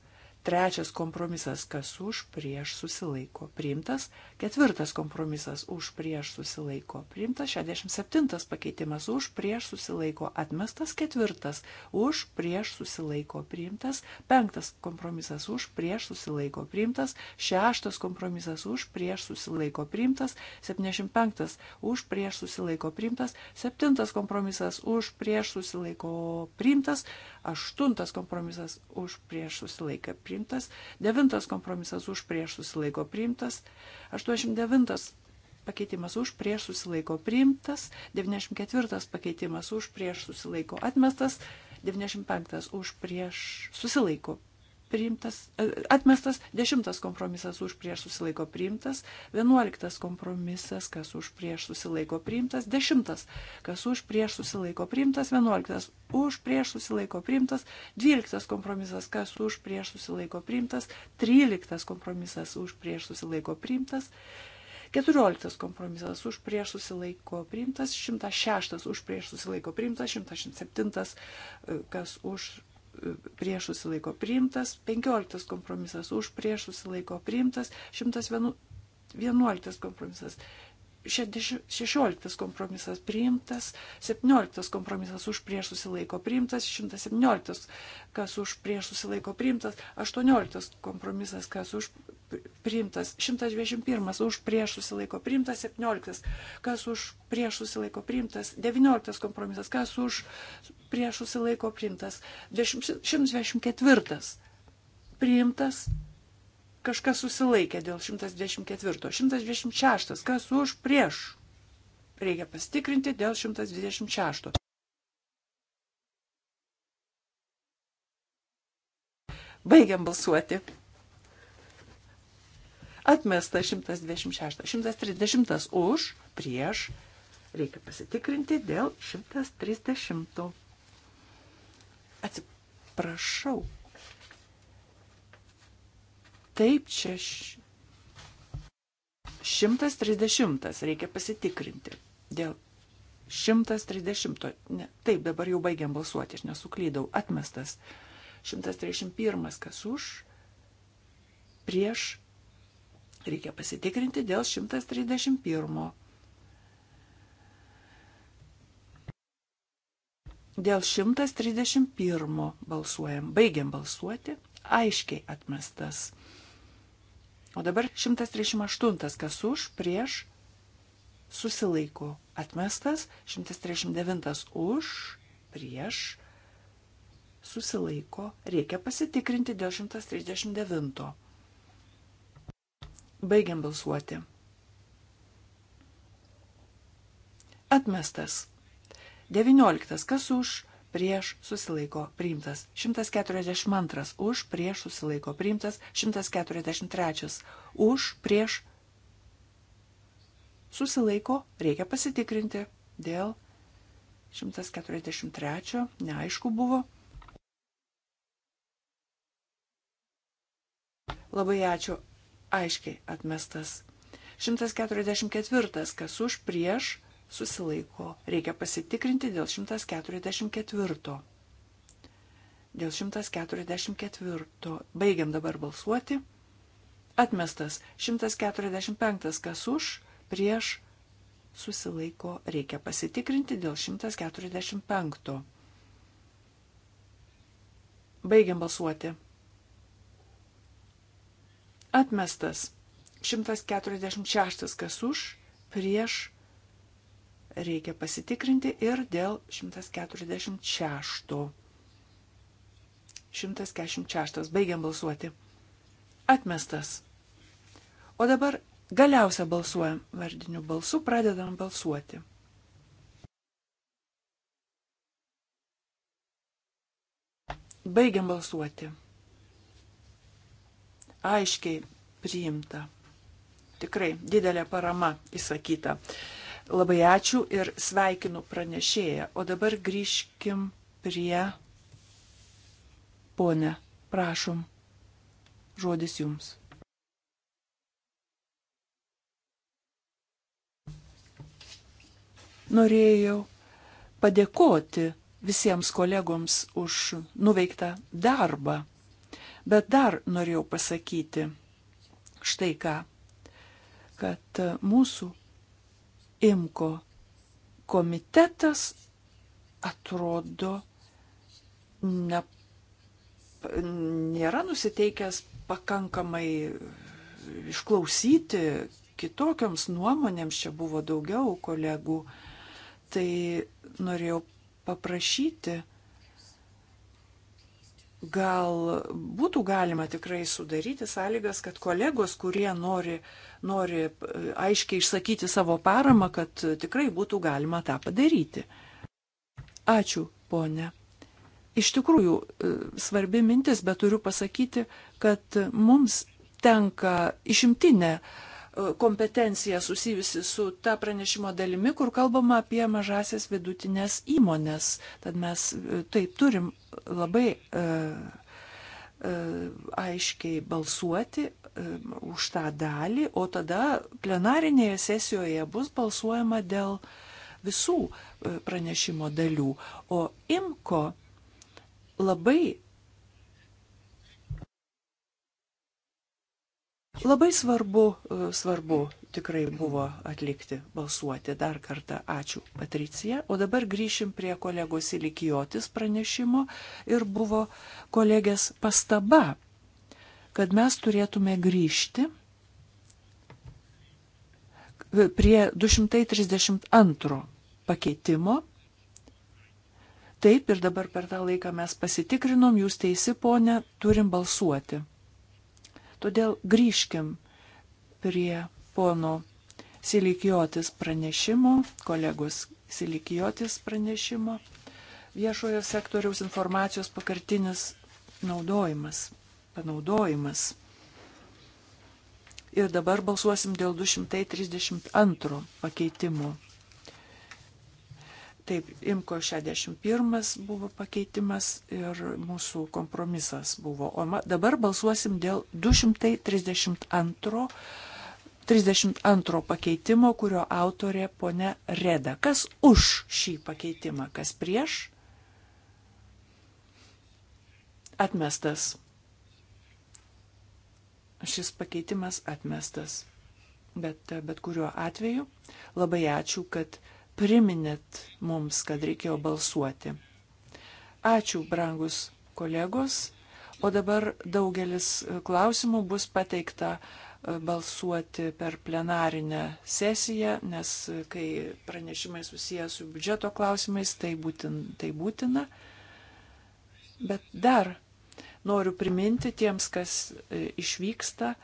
Trečias kompromisas, kas už prieš susilaiko priimtas. Ketvirtas kompromisas už prieš susilaiko priimtas. 67 pakeitimas už prieš susilaiko atmestas. Ketvirtas už prieš susilaiko priimtas. Penktas kompromisas už prieš susilaiko priimtas. Šeštas kompromisas už prieš susilaiko priimtas. 75 už prieš susilaiko priimtas. Septintas kompromisas už prieš susilaiko priimtas. Aštuntas kompromisas už prieš susilaiko priimtas priimtas, 9 kompromisas už prieš susilaiko priimtas, 89 pakeitimas už prieš susilaiko priimtas, 94 pakeitimas už prieš susilaiko atmestas, 95 už prieš susilaiko priimtas, e, atmestas, dešimtas kompromisas už prieš susilaiko priimtas, vienuoliktas kompromisas, kas už prieš susilaiko priimtas, dešimtas, kas už prieš susilaiko priimtas, vienuoliktas už prieš susilaiko priimtas, dvyliktas kompromisas, kas už prieš susilaiko priimtas, tryliktas kompromisas už prieš susilaiko priimtas. 14 kompromisas už prieš susilaiko priimtas, 106 už prieš susilaiko priimtas, 107 e, kas už prieš susilaiko priimtas, 15 kompromisas už prieš susilaiko priimtas, 111 kompromisas, 16 kompromisas priimtas, 17 kompromisas už prieš susilaiko priimtas, 117 kas už prieš susilaiko priimtas, 18 kompromisas kas už priimtas 121, už prieš susilaiko priimtas 17, kas už prieš susilaiko priimtas 19 kompromisas, kas už prieš susilaiko priimtas 124, priimtas kažkas susilaikė dėl 124, 126, kas už prieš. Reikia pasitikrinti dėl 126. Baigiam balsuoti. Atmesta 126. 130 už, prieš. Reikia pasitikrinti dėl 130. Atsiprašau. Taip, čia 130. Reikia pasitikrinti dėl 130. Ne, taip, dabar jau baigiam balsuoti, aš nesuklydau. Atmestas 131. Kas už? Prieš Reikia pasitikrinti dėl 131. Dėl 131 balsuojam. Baigiam balsuoti. Aiškiai atmestas. O dabar 138. Kas už, prieš, susilaiko. Atmestas. 139. Už, prieš, susilaiko. Reikia pasitikrinti dėl 139. Baigiam balsuoti. Atmestas. 19. Kas už? prieš susilaiko priimtas, 142 už prieš susilaiko priimtas, 143 už prieš susilaiko reikia pasitikrinti dėl 143, neaišku buvo. Labai ačiū, aiškiai atmestas. 144, kas už prieš susilaiko. Reikia pasitikrinti dėl 144. Dėl 144. Baigiam dabar balsuoti. Atmestas 145, kas už prieš susilaiko. Reikia pasitikrinti dėl 145. Baigiam balsuoti. Atmestas. 146 kas už, prieš. Reikia pasitikrinti ir dėl 146. 146. Baigiam balsuoti. Atmestas. O dabar galiausia balsuojam vardiniu balsu, pradedam balsuoti. Baigiam balsuoti aiškiai priimta. Tikrai didelė parama įsakyta. Labai ačiū ir sveikinu pranešėją. O dabar grįžkim prie. Pone, prašom, žodis jums. Norėjau padėkoti visiems kolegoms už nuveiktą darbą Bet dar norėjau pasakyti štai ką, kad e, mūsų imko komitetas atrodo ne, nėra nusiteikęs pakankamai išklausyti kitokiams nuomonėms, čia buvo daugiau kolegų, tai norėjau paprašyti, gal būtų galima tikrai sudaryti sąlygas, kad kolegos, kurie nori, nori e, aiškiai išsakyti savo paramą, kad tikrai būtų galima tą padaryti. Ačiū, ponė. Iš tikrųjų, e, svarbi mintis, bet turiu pasakyti, kad mums tenka išimtinė uh, kompetencija susijusi su ta pranešimo dalimi, kur kalbama apie mažasias vidutinės įmonės. Tad mes e, taip turim labai e, e, aiškiai balsuoti už tą dalį, o tada plenarinėje sesijoje bus balsuojama dėl visų pranešimo dalių. O imko labai Labai svarbu, e, svarbu tikrai buvo atlikti balsuoti dar kartą. Ačiū, Patricija. O dabar grįšim prie kolegos Ilikijotis pranešimo ir buvo kolegės pastaba, kad mes turėtume grįžti prie 232 pakeitimo Taip ir dabar per tą laiką mes pasitikrinom, jūs teisi, ponė, turim balsuoti. Todėl grįžkim prie pono Silikijotis pranešimo, kolegos Silikijotis pranešimo, viešojo sektoriaus informacijos pakartinis naudojimas, panaudojimas. Ir dabar balsuosim dėl 232 pakeitimo. Taip, imko 61 buvo pakeitimas ir mūsų kompromisas buvo. O ma, dabar balsuosim dėl 232, 32 pakeitimo, kurio autorė pone Reda. Kas už šį pakeitimą, kas prieš? Atmestas. Šis pakeitimas atmestas. Bet, bet kuriuo atveju labai ačiū, kad priminėt mums, kad reikėjo balsuoti. Ačiū, brangus kolegos. O dabar daugelis klausimų bus pateikta e, balsuoti per plenarinę sesiją, nes e, kai pranešimai susijęs su biudžeto klausimais, tai, būtin, tai būtina. Bet dar noriu priminti tiems, kas e, išvyksta,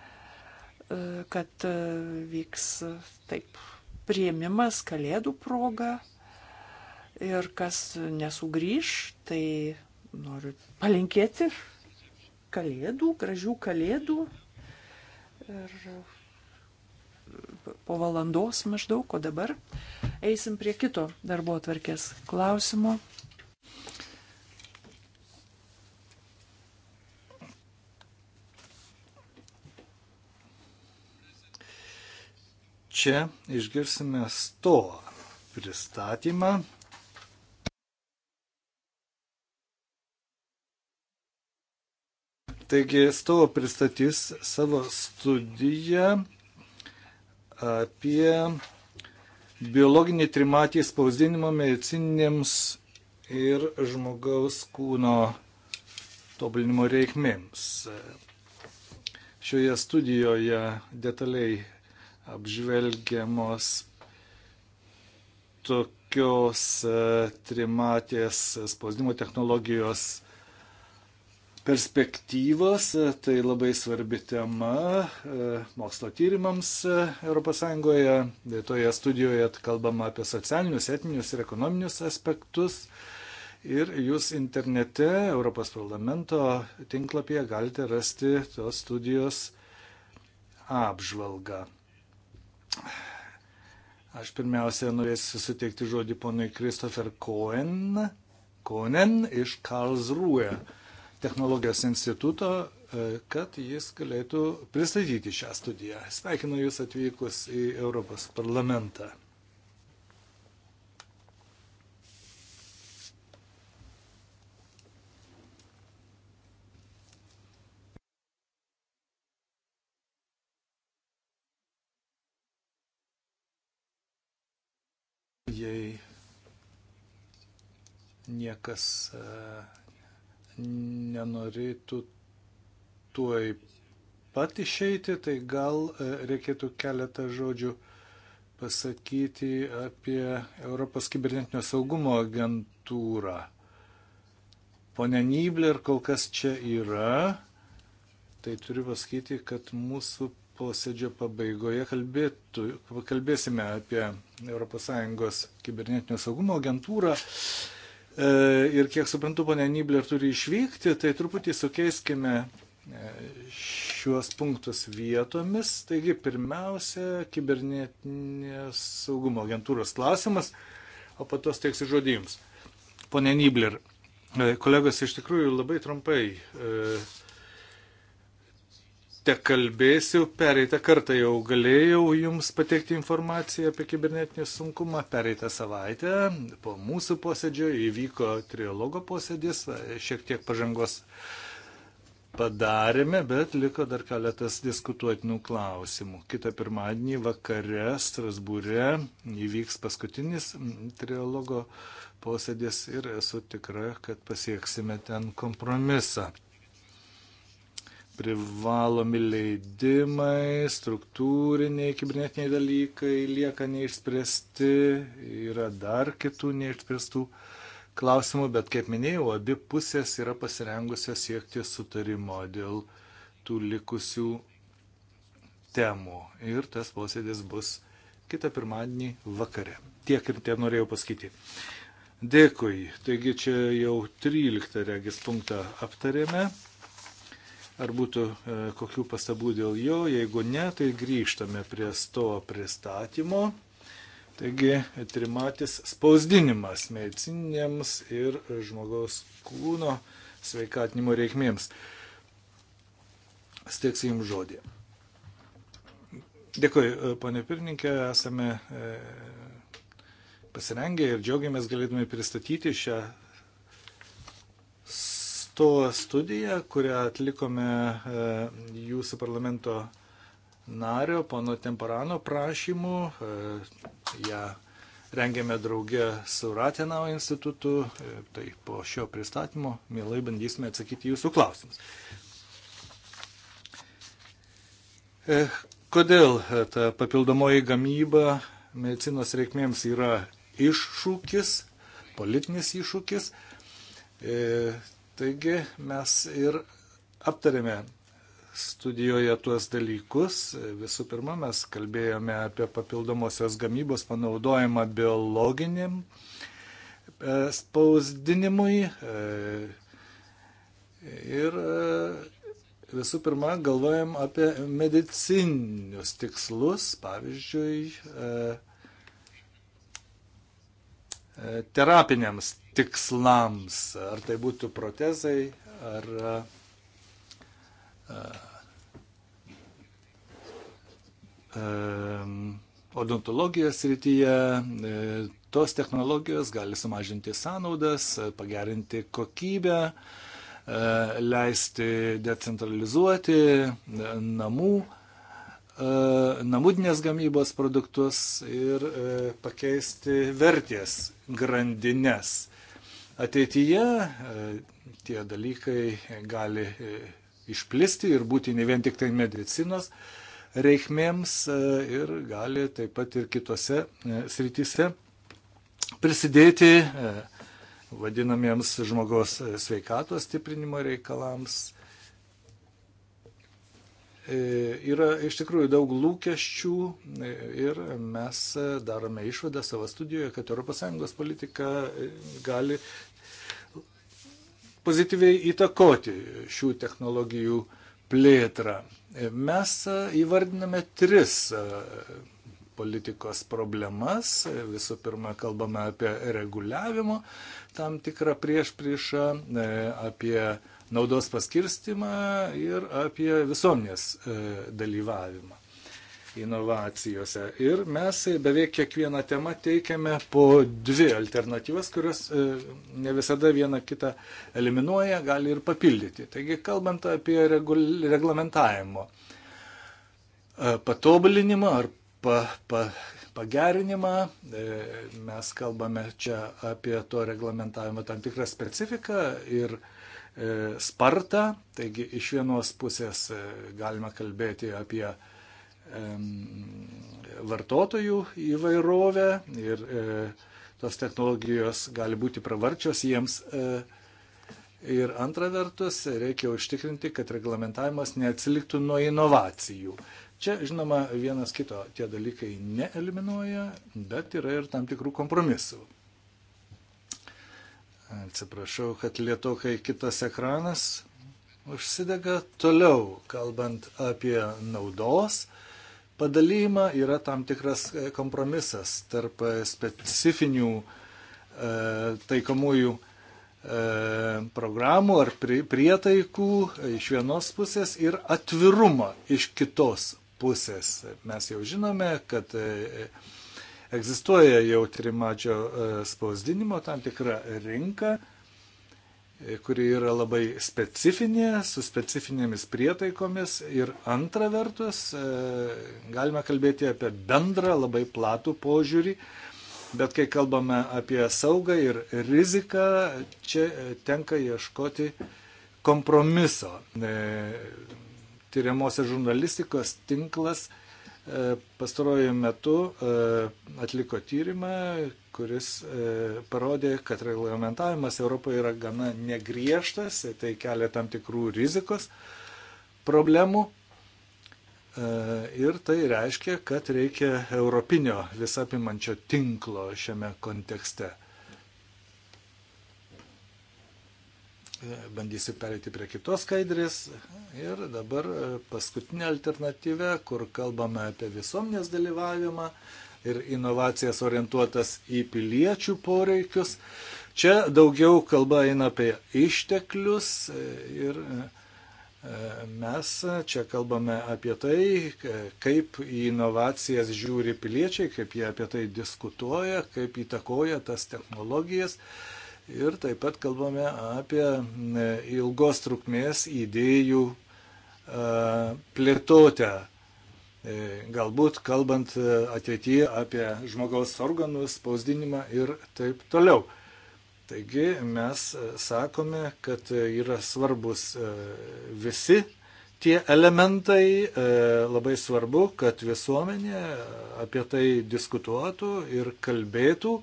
kad vyks taip prieimimas Kalėdų proga ir kas nesugryž, tai noriu palinkėti Kalėdų, gražių Kalėdų. Ir po valandos maždaug, o dabar eisim prie kito darbo atvarkės klausimo. Čia išgirsime stoa pristatymą. Taigi stoa pristatys savo studiją apie biologinį trimatį spausdinimą medicinėms ir žmogaus kūno tobulinimo reikmėms. Šioje studijoje detaliai apžvelgiamos tokios e, trimatės spausdimo technologijos perspektyvos. E, tai labai svarbi tema e, mokslo tyrimams ES. Toje studijoje kalbama apie socialinius, etinius ir ekonominius aspektus. Ir jūs internete, Europos parlamento tinklapyje galite rasti tos studijos apžvalgą. Aš pirmiausia norėsiu suteikti žodį ponui Christopher Cohen, Cohen iš Karlsruhe technologijos instituto, e, kad jis galėtų pristatyti šią studiją. Sveikinu Jūs atvykus į Europos parlamentą. niekas e, nenorėtų tuoj pat išeiti, tai gal e, reikėtų keletą žodžių pasakyti apie Europos kibernetinio saugumo agentūrą. Pone Nybler kol kas čia yra, tai turiu pasakyti, kad mūsų posėdžio pabaigoje kalbėtų, kalbėsime apie ES kibernetinio saugumo agentūrą. E, ir kiek suprantu, ponė Nibler turi išvykti, tai truputį sukeiskime e, šiuos punktus vietomis. Taigi, pirmiausia, kibernetinės saugumo agentūros klausimas, o po to steiksiu žodį jums. Pone Nibler, e, kolegos iš tikrųjų labai trumpai te kalbėsiu. Pereitą kartą jau galėjau Jums pateikti informaciją apie kibernetinį sunkumą. Pereitą savaitę po mūsų posėdžio įvyko triologo posėdis, šiek tiek pažangos padarėme, bet liko dar keletas diskutuotinų klausimų. Kita pirmadienį vakare Strasbūre įvyks paskutinis triologo posėdis ir esu tikra, kad pasieksime ten kompromisą privalomi leidimai, struktūriniai kibernetiniai dalykai lieka neišspręsti, yra dar kitų neišspręstų klausimų, bet kaip minėjau, abi pusės yra pasirengusios siekti sutarimo dėl tų likusių temų. Ir tas posėdis bus kitą pirmadienį vakare. Tiek ir tie norėjau pasakyti. Dėkui. Taigi čia jau 13 regis punktą aptarėme. Ar būtų e, kokių pastabų dėl jo, jeigu ne, tai grįžtame prie to pristatymo. Taigi, trimatis spausdinimas medicinėms ir žmogaus kūno sveikatinimo reikmėms. Steiksiu jums žodį. Dėkui, e, ponė pirmininkė, esame e, pasirengę ir džiaugiamės galėtume pristatyti šią to studiją, kurią atlikome e, jūsų parlamento nario, pono Temporano prašymu. E, ja rengėme draugę su Ratenau institutu. E, tai po šio pristatymo mielai bandysime atsakyti jūsų klausimus. Kodėl ta papildomoji gamyba medicinos reikmėms yra iššūkis, politinis iššūkis? Taigi mes ir aptarėme studijoje tuos dalykus. Visų pirma, mes kalbėjome apie papildomosios gamybos panaudojimą biologiniam e, spausdinimui. E, ir e, visų pirma, galvojam apie medicininius tikslus, pavyzdžiui, terapiniams tikslams, ar tai būtų protezai, ar e, e, odontologijos rytyje e, tos technologijos gali sumažinti sąnaudas, pagerinti kokybę, leisti decentralizuoti namų, namudinės gamybos produktus ir pakeisti vertės grandinės. Ateityje e, tie dalykai gali e, išplisti ir būti ne vien tik tai medicinos reikmėms e, ir gali taip pat ir kitose srityse prisidėti vadinamiems žmogaus sveikatos stiprinimo reikalams E, yra iš tikrųjų daug lūkesčių e, ir mes darome išvadą savo studijoje, kad ES politika e, gali pozityviai įtakoti šių technologijų plėtrą. Mes įvardiname tris politikos problemas. Visų pirma, kalbame apie reguliavimo tam tikrą priešpriešą, apie naudos paskirstimą ir apie visuomenės e, dalyvavimą inovacijose. Ir mes beveik kiekvieną temą teikiame po dvi alternatyvas, kurios e, ne visada viena kitą eliminuoja, gali ir papildyti. Taigi, kalbant apie reglamentavimo e, patobulinimą ar pa, pa, pagerinimą. Mes kalbame čia apie to reglamentavimo tam tikrą specifiką ir E, spartą. Taigi iš vienos pusės e, galima kalbėti apie vartotojų įvairovę ir e, tos technologijos gali būti pravarčios jiems. Ir antra vertus, reikia užtikrinti, kad reglamentavimas neatsiliktų nuo inovacijų. Čia, žinoma, vienas kito tie dalykai neeliminuoja, bet yra ir tam tikrų kompromisų. Atsiprašau, kad lietokai kitas ekranas užsidega. Toliau, kalbant apie naudos, padalymą yra tam tikras e, kompromisas tarp e, specifinių e, taikomųjų e, programų ar prietaikų e, iš vienos pusės ir atvirumą iš kitos pusės. Mes jau žinome, kad e, e, Egzistuoja jau trimačio e, spausdinimo tam tikra rinka, e, kuri yra labai specifinė, su specifinėmis prietaikomis. Ir antra vertus, e, galime kalbėti apie bendrą, labai platų požiūrį. Bet kai kalbame apie saugą ir riziką, čia tenka ieškoti kompromiso. Tyriamosios žurnalistikos tinklas E, pastarojų metu e, atliko tyrimą, kuris e, parodė, kad reglamentavimas Europoje yra gana negriežtas, tai kelia tam tikrų rizikos problemų. Ir tai reiškia, kad reikia europinio visapimančio tinklo šiame kontekste. Bandysiu pereiti prie kitos skaidrės. Ir dabar e, paskutinė alternatyva, kur kalbame apie visuomenės dalyvavimą ir inovacijas orientuotas į piliečių poreikius. Čia daugiau kalba eina apie išteklius e, ir e, mes čia kalbame apie tai, kaip į inovacijas žiūri piliečiai, kaip jie apie tai diskutuoja, kaip įtakoja tas technologijas Ir taip pat kalbame apie e, ilgos trukmės idėjų e, plėtotę. E, galbūt kalbant ateityje apie žmogaus organus, spausdinimą ir taip toliau. Taigi mes sakome, kad yra svarbus visi tie elementai, labai svarbu, kad visuomenė apie tai diskutuotų ir kalbėtų.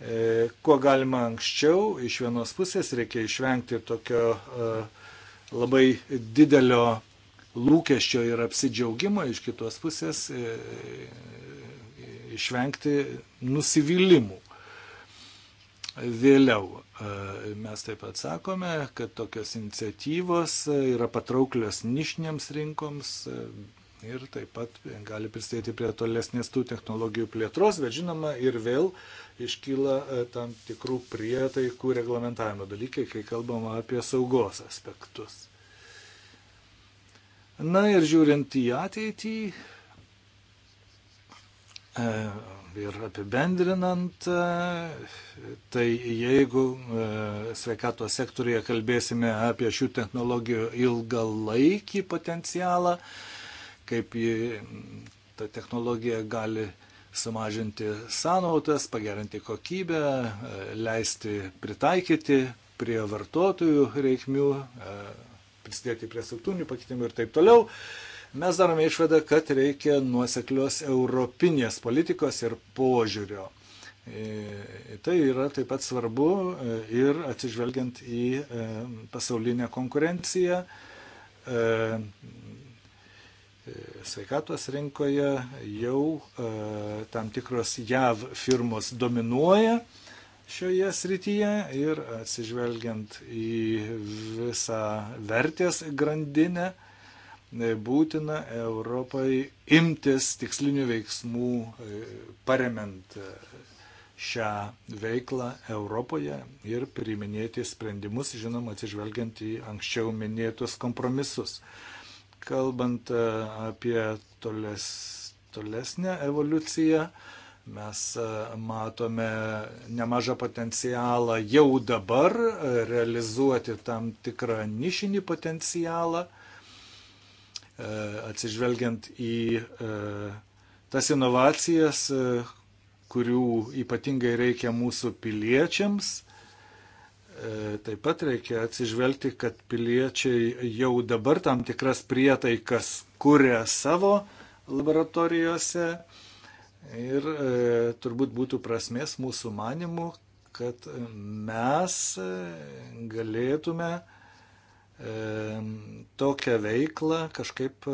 E, kuo galima anksčiau. Iš vienos pusės reikia išvengti tokio e, labai didelio lūkesčio ir apsidžiaugimo, iš kitos pusės e, išvengti nusivylimų. Vėliau mes taip pat sakome, kad tokios iniciatyvos yra patrauklios nišiniams rinkoms ir taip pat gali prisidėti prie tolesnės tų technologijų plėtros, bet žinoma ir vėl iškyla e, tam tikrų prietaikų reglamentavimo dalykai, kai kalbama apie saugos aspektus. Na ir žiūrint į ateitį e, ir apibendrinant, e, tai jeigu sveikato sektorija kalbėsime apie šių technologijų ilgalaikį potencialą, kaip ta technologija gali sumažinti sąnautas, pagerinti kokybę, leisti pritaikyti prie vartotojų reikmių, e, prisidėti prie struktūrinių pakitimų ir taip toliau. Mes darome išvadą, kad reikia nuoseklios europinės politikos ir požiūrio. E, tai yra taip pat svarbu e, ir atsižvelgiant į pasaulinę konkurenciją sveikatos rinkoje jau e, tam tikros JAV firmos dominuoja šioje srityje ir atsižvelgiant į visą vertės grandinę, e, būtina Europai imtis tikslinių veiksmų e, paremant šią veiklą Europoje ir priiminėti sprendimus, žinoma, atsižvelgiant į anksčiau minėtus kompromisus. Kalbant e, apie toles, tolesnę evoliuciją, mes e, matome nemažą potencialą jau dabar e, realizuoti tam tikrą nišinį potencialą, atsižvelgiant į tas inovacijas, kurių ypatingai reikia mūsų piliečiams Taip pat reikia atsižvelgti, kad piliečiai jau dabar tam tikras prietaikas kuria savo laboratorijose ir e, turbūt būtų prasmės mūsų manimų, kad mes e, galėtume e, tokią veiklą kažkaip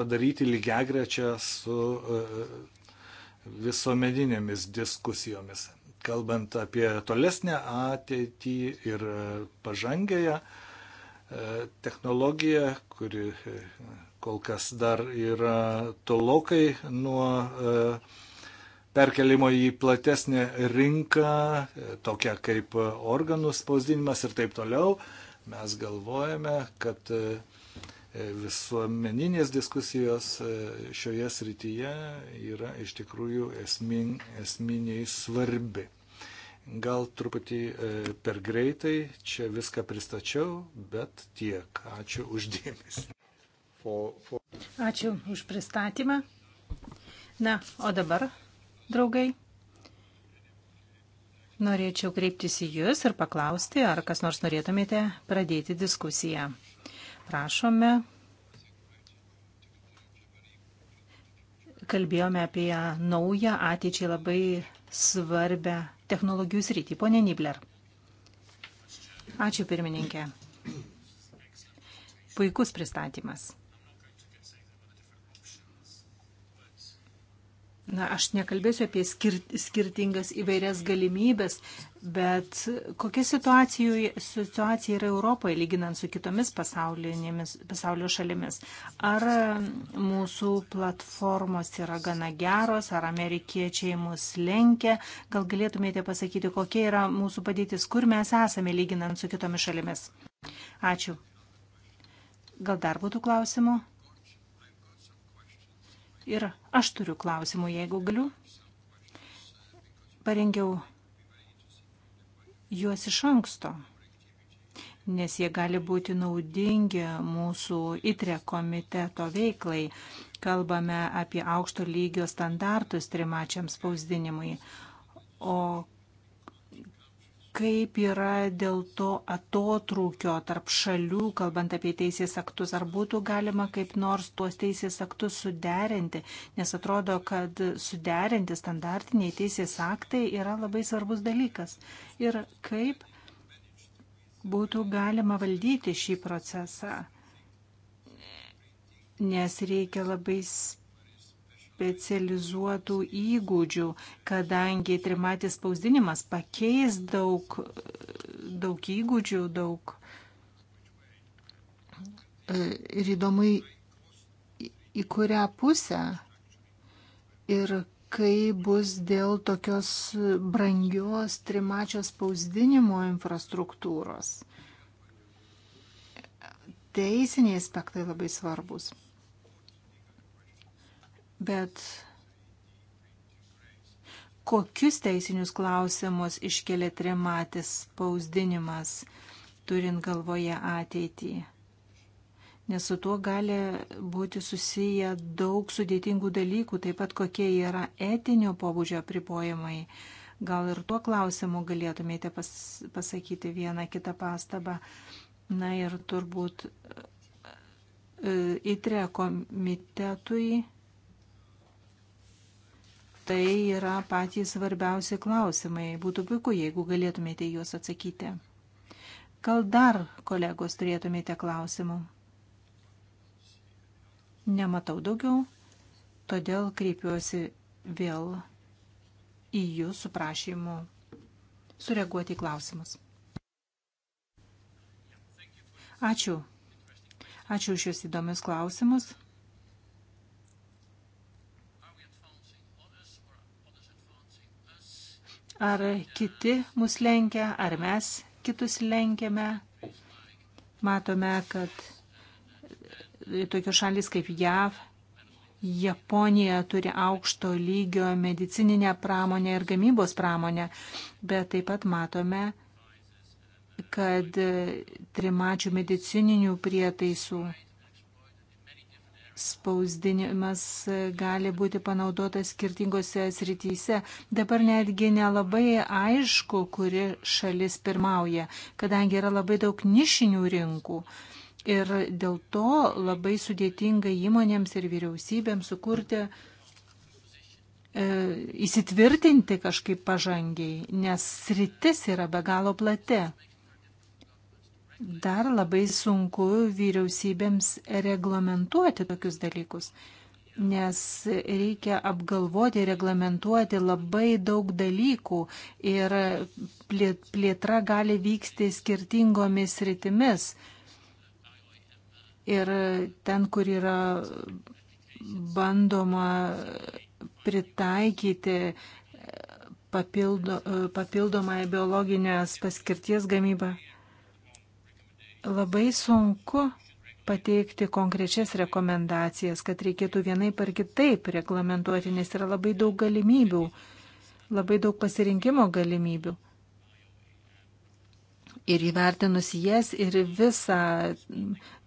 padaryti lygiagrečią su visuomeninėmis diskusijomis kalbant apie tolesnę ateitį ir e, pažangėją e, technologiją, kuri e, kol kas dar yra tolokai nuo perkelimo į platesnę rinką, tokią kaip organų spausdinimas ir taip toliau. Mes galvojame, kad E, visuomeninės diskusijos e, šioje srityje yra iš tikrųjų esmin, esminiai svarbi. Gal truputį e, per greitai čia viską pristačiau, bet tiek. Ačiū uždėmesi. Ačiū už pristatymą. Na, o dabar, draugai, norėčiau kreiptis į Jūs ir paklausti, ar kas nors norėtumėte pradėti diskusiją prašome. Kalbėjome apie naują ateičiai labai svarbę technologijų sritį. Pone Nibler. Ačiū pirmininkė. Puikus pristatymas. Na, aš nekalbėsiu apie skirtingas įvairias galimybės, bet kokia situacija, situacija yra Europoje, lyginant su kitomis pasaulio šalimis. Ar mūsų platformos yra gana geros, ar amerikiečiai mus lenkia, gal galėtumėte pasakyti, kokia yra mūsų padėtis, kur mes esame, lyginant su kitomis šalimis. Ačiū. Gal dar būtų klausimų? Ir aš turiu klausimų, jeigu galiu. Parengiau juos iš anksto, nes jie gali būti naudingi mūsų ITRE komiteto veiklai. Kalbame apie aukšto lygio standartus trimačiam spausdinimui. O kaip yra dėl to atotrūkio tarp šalių, kalbant apie teisės aktus, ar būtų galima kaip nors tuos teisės aktus suderinti, nes atrodo, kad suderinti standartiniai teisės aktai yra labai svarbus dalykas. Ir kaip būtų galima valdyti šį procesą, nes reikia labai spėti specializuotų įgūdžių, kadangi trimatis spausdinimas pakeis daug, daug įgūdžių, daug e, ir įdomu į, į kurią pusę ir kai bus dėl tokios brangios trimačios spausdinimo infrastruktūros. Teisiniai aspektai labai svarbus. Bet kokius teisinius klausimus iškelia trimatis spausdinimas, turint galvoje ateitį? Nes su tuo gali būti susiję daug sudėtingų dalykų, taip pat kokie yra etinio pobūdžio apribojimai. Gal ir tuo klausimu galėtumėte pas, pasakyti vieną kitą pastabą. Na ir turbūt įtre e, e komitetui tai yra patys svarbiausi klausimai. Būtų puiku, jeigu galėtumėte juos atsakyti. Gal dar, kolegos, turėtumėte klausimų? Nematau daugiau, todėl kreipiuosi vėl į jūs su prašymu sureaguoti į klausimus. Ačiū. Ačiū už šios įdomius klausimus. Ar kiti mus lenkia, ar mes kitus lenkiame. Matome, kad tokios šalis kaip JAV Japonija turi aukšto lygio medicininę pramonę ir gamybos pramonę, bet taip pat matome, kad trimačių medicininių prietaisų spausdinimas gali būti panaudotas skirtingose srityse. Dabar netgi nelabai aišku, kuri šalis pirmauja, kadangi yra labai daug nišinių rinkų. Ir dėl to labai sudėtinga įmonėms ir vyriausybėms sukurti e, įsitvirtinti kažkaip pažangiai, nes sritis yra be galo plati dar labai sunku vyriausybėms reglamentuoti tokius dalykus, nes reikia apgalvoti, reglamentuoti labai daug dalykų ir plėtra gali vykti skirtingomis rytimis. Ir ten, kur yra bandoma pritaikyti papildo, papildomą biologinės paskirties gamybą. Labai sunku pateikti konkrečias rekomendacijas, kad reikėtų vienai par kitaip reglamentuoti, nes yra labai daug galimybių, labai daug pasirinkimo galimybių. Ir įvertinus jas ir visą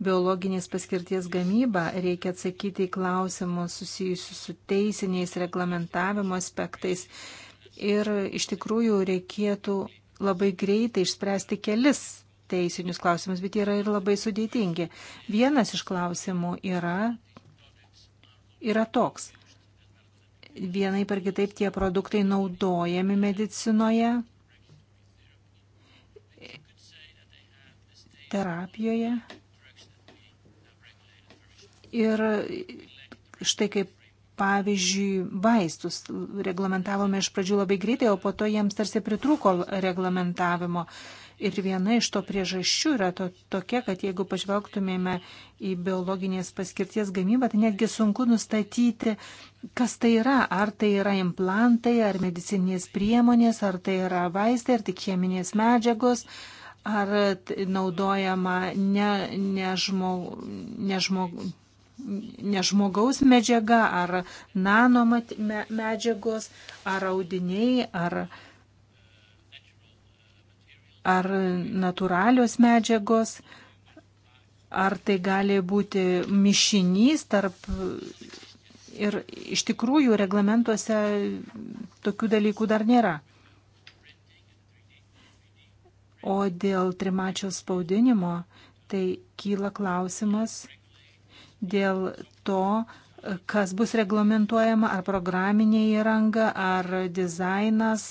biologinės paskirties gamybą reikia atsakyti į klausimus susijusius su teisiniais reglamentavimo aspektais. Ir iš tikrųjų reikėtų labai greitai išspręsti kelis teisinius klausimus, bet jie yra ir labai sudėtingi. Vienas iš klausimų yra, yra toks. Vienai per kitaip tie produktai naudojami medicinoje, terapijoje. Ir štai kaip pavyzdžiui, vaistus reglamentavome iš pradžių labai greitai, o po to jiems tarsi pritruko reglamentavimo. Uh, Ir viena iš to priežasčių yra to, tokia, kad jeigu pažvelgtumėme į biologinės paskirties gamybą, tai netgi sunku nustatyti, kas tai yra. Ar tai yra implantai, ar medicinės priemonės, ar tai yra vaistai, ar tik cheminės medžiagos, ar naudojama ne, ne, žmog, ne, žmog, ne žmogaus medžiaga, ar nano medžiagos, ar audiniai, ar ar natūralios medžiagos, ar tai gali būti mišinys tarp. Ir iš tikrųjų reglamentuose tokių dalykų dar nėra. O dėl trimačio spaudinimo, tai kyla klausimas dėl to, kas bus reglamentuojama, ar programinė įranga, ar dizainas,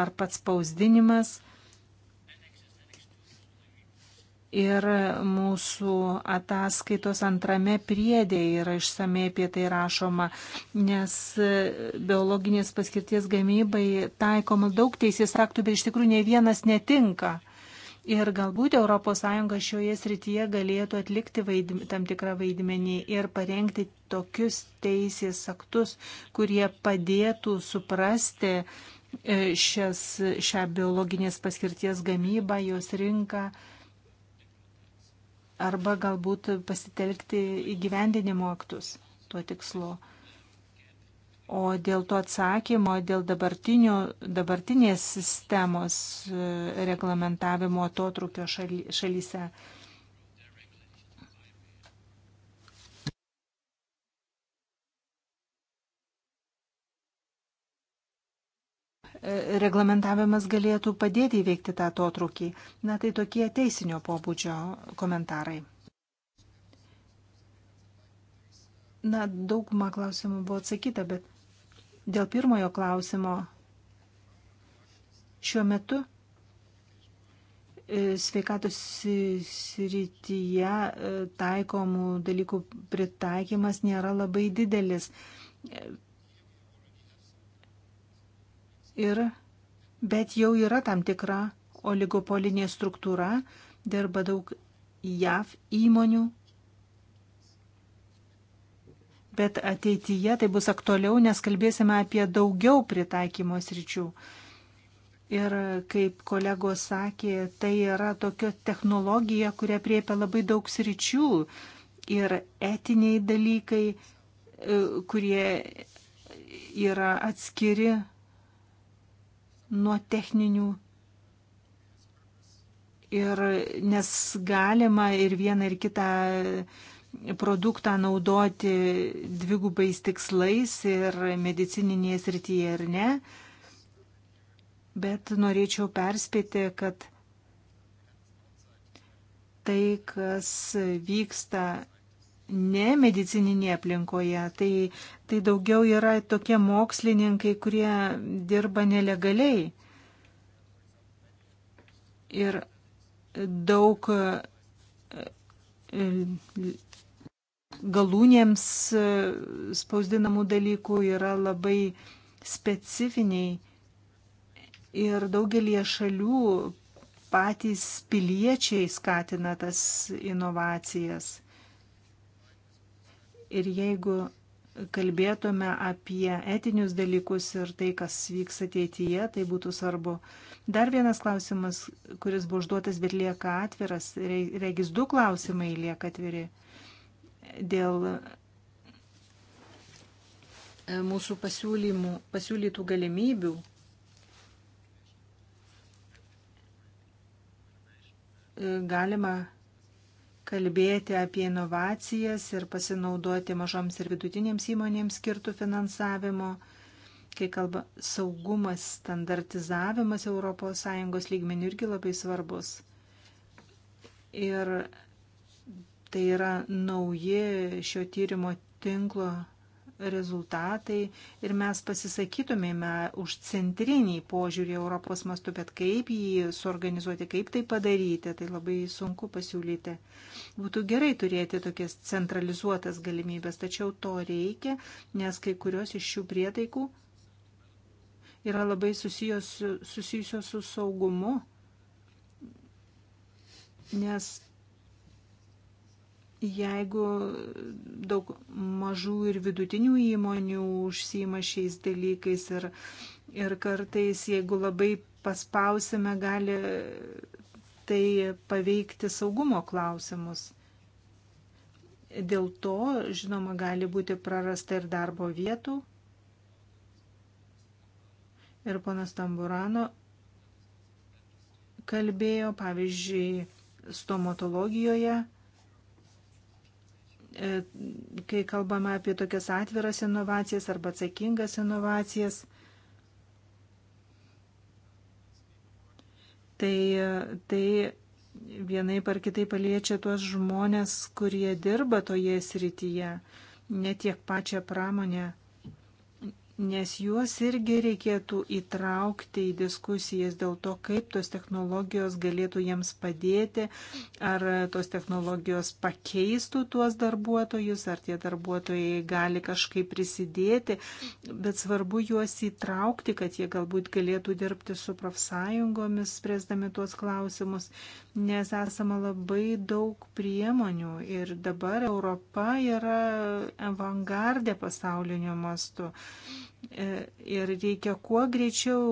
ar pats spausdinimas – ir mūsų ataskaitos antrame priedė yra išsamei apie tai rašoma, nes biologinės paskirties gamybai taikoma daug teisės aktų, bet iš tikrųjų ne vienas netinka. Ir galbūt ES šioje srityje galėtų atlikti vaidim, tam tikrą vaidmenį ir parengti tokius teisės aktus, kurie padėtų suprasti e, šias, šią biologinės paskirties gamybą, jos rinką arba galbūt pasitelkti įgyvendinimo aktus tuo tikslu. O dėl to atsakymo, dėl dabartinės sistemos e, reglamentavimo atotrukio šaly, šalyse, reglamentavimas galėtų padėti įveikti tą atotrukį. Na tai tokie teisinio pobūdžio komentarai. Na, daugumą klausimų buvo atsakyta, bet dėl pirmojo klausimo šiuo metu e, sveikatos srityje e, taikomų dalykų pritaikymas nėra labai didelis. E, ir, bet jau yra tam tikra oligopolinė struktūra, dirba daug JAV įmonių, bet ateityje tai bus aktualiau, nes kalbėsime apie daugiau pritaikymo sričių. Ir kaip kolegos sakė, tai yra tokia technologija, kuria priepia labai daug sričių ir etiniai dalykai, e, kurie yra atskiri nuo techninių. Ir nes galima ir vieną ir kitą produktą naudoti dvigubais tikslais ir medicininėje srityje ir ne. Bet norėčiau perspėti, kad tai, kas vyksta ne medicininėje aplinkoje. Tai, tai daugiau yra tokie mokslininkai, kurie dirba nelegaliai. Ir daug e, e, galūnėms e, spausdinamų dalykų yra labai specifiniai. Ir daugelie šalių patys piliečiai skatina tas inovacijas. Ir jeigu kalbėtume apie etinius dalykus ir tai, kas vyks ateityje, tai būtų svarbu. Dar vienas klausimas, kuris buvo užduotas, bet lieka atviras. Regis du klausimai lieka atviri dėl e, mūsų pasiūlymų, pasiūlytų galimybių. E, galima kalbėti apie inovacijas ir pasinaudoti mažoms ir vidutinėms įmonėms skirtų finansavimo, kai kalba saugumas, standartizavimas ES lygmenių irgi labai svarbus. Ir tai yra nauji šio tyrimo tinklo rezultatai ir mes pasisakytumėme už centrinį požiūrį Europos mastu, bet kaip jį suorganizuoti, kaip tai padaryti, tai labai sunku pasiūlyti. Būtų gerai turėti tokias centralizuotas galimybės, tačiau to reikia, nes kai kurios iš šių prietaikų yra labai susijusios su saugumu, nes Jeigu daug mažų ir vidutinių įmonių užsima šiais dalykais ir, ir kartais, jeigu labai paspausime, gali tai paveikti saugumo klausimus. Dėl to, žinoma, gali būti prarasta ir darbo vietų. Ir ponas Tamburano kalbėjo, pavyzdžiui, stomatologijoje E, kai kalbame apie tokias atviras inovacijas arba atsakingas inovacijas, tai, tai vienai par kitai paliečia tuos žmonės, kurie dirba toje srityje, ne tiek pačią pramonę nes juos irgi reikėtų įtraukti į diskusijas dėl to, kaip tos technologijos galėtų jiems padėti, ar tos technologijos pakeistų tuos darbuotojus, ar tie darbuotojai gali kažkaip prisidėti, bet svarbu juos įtraukti, kad jie galbūt galėtų dirbti su profsąjungomis, spręsdami tuos klausimus, nes esama labai daug priemonių ir dabar Europa yra avangardė pasauliniu mastu ir reikia kuo greičiau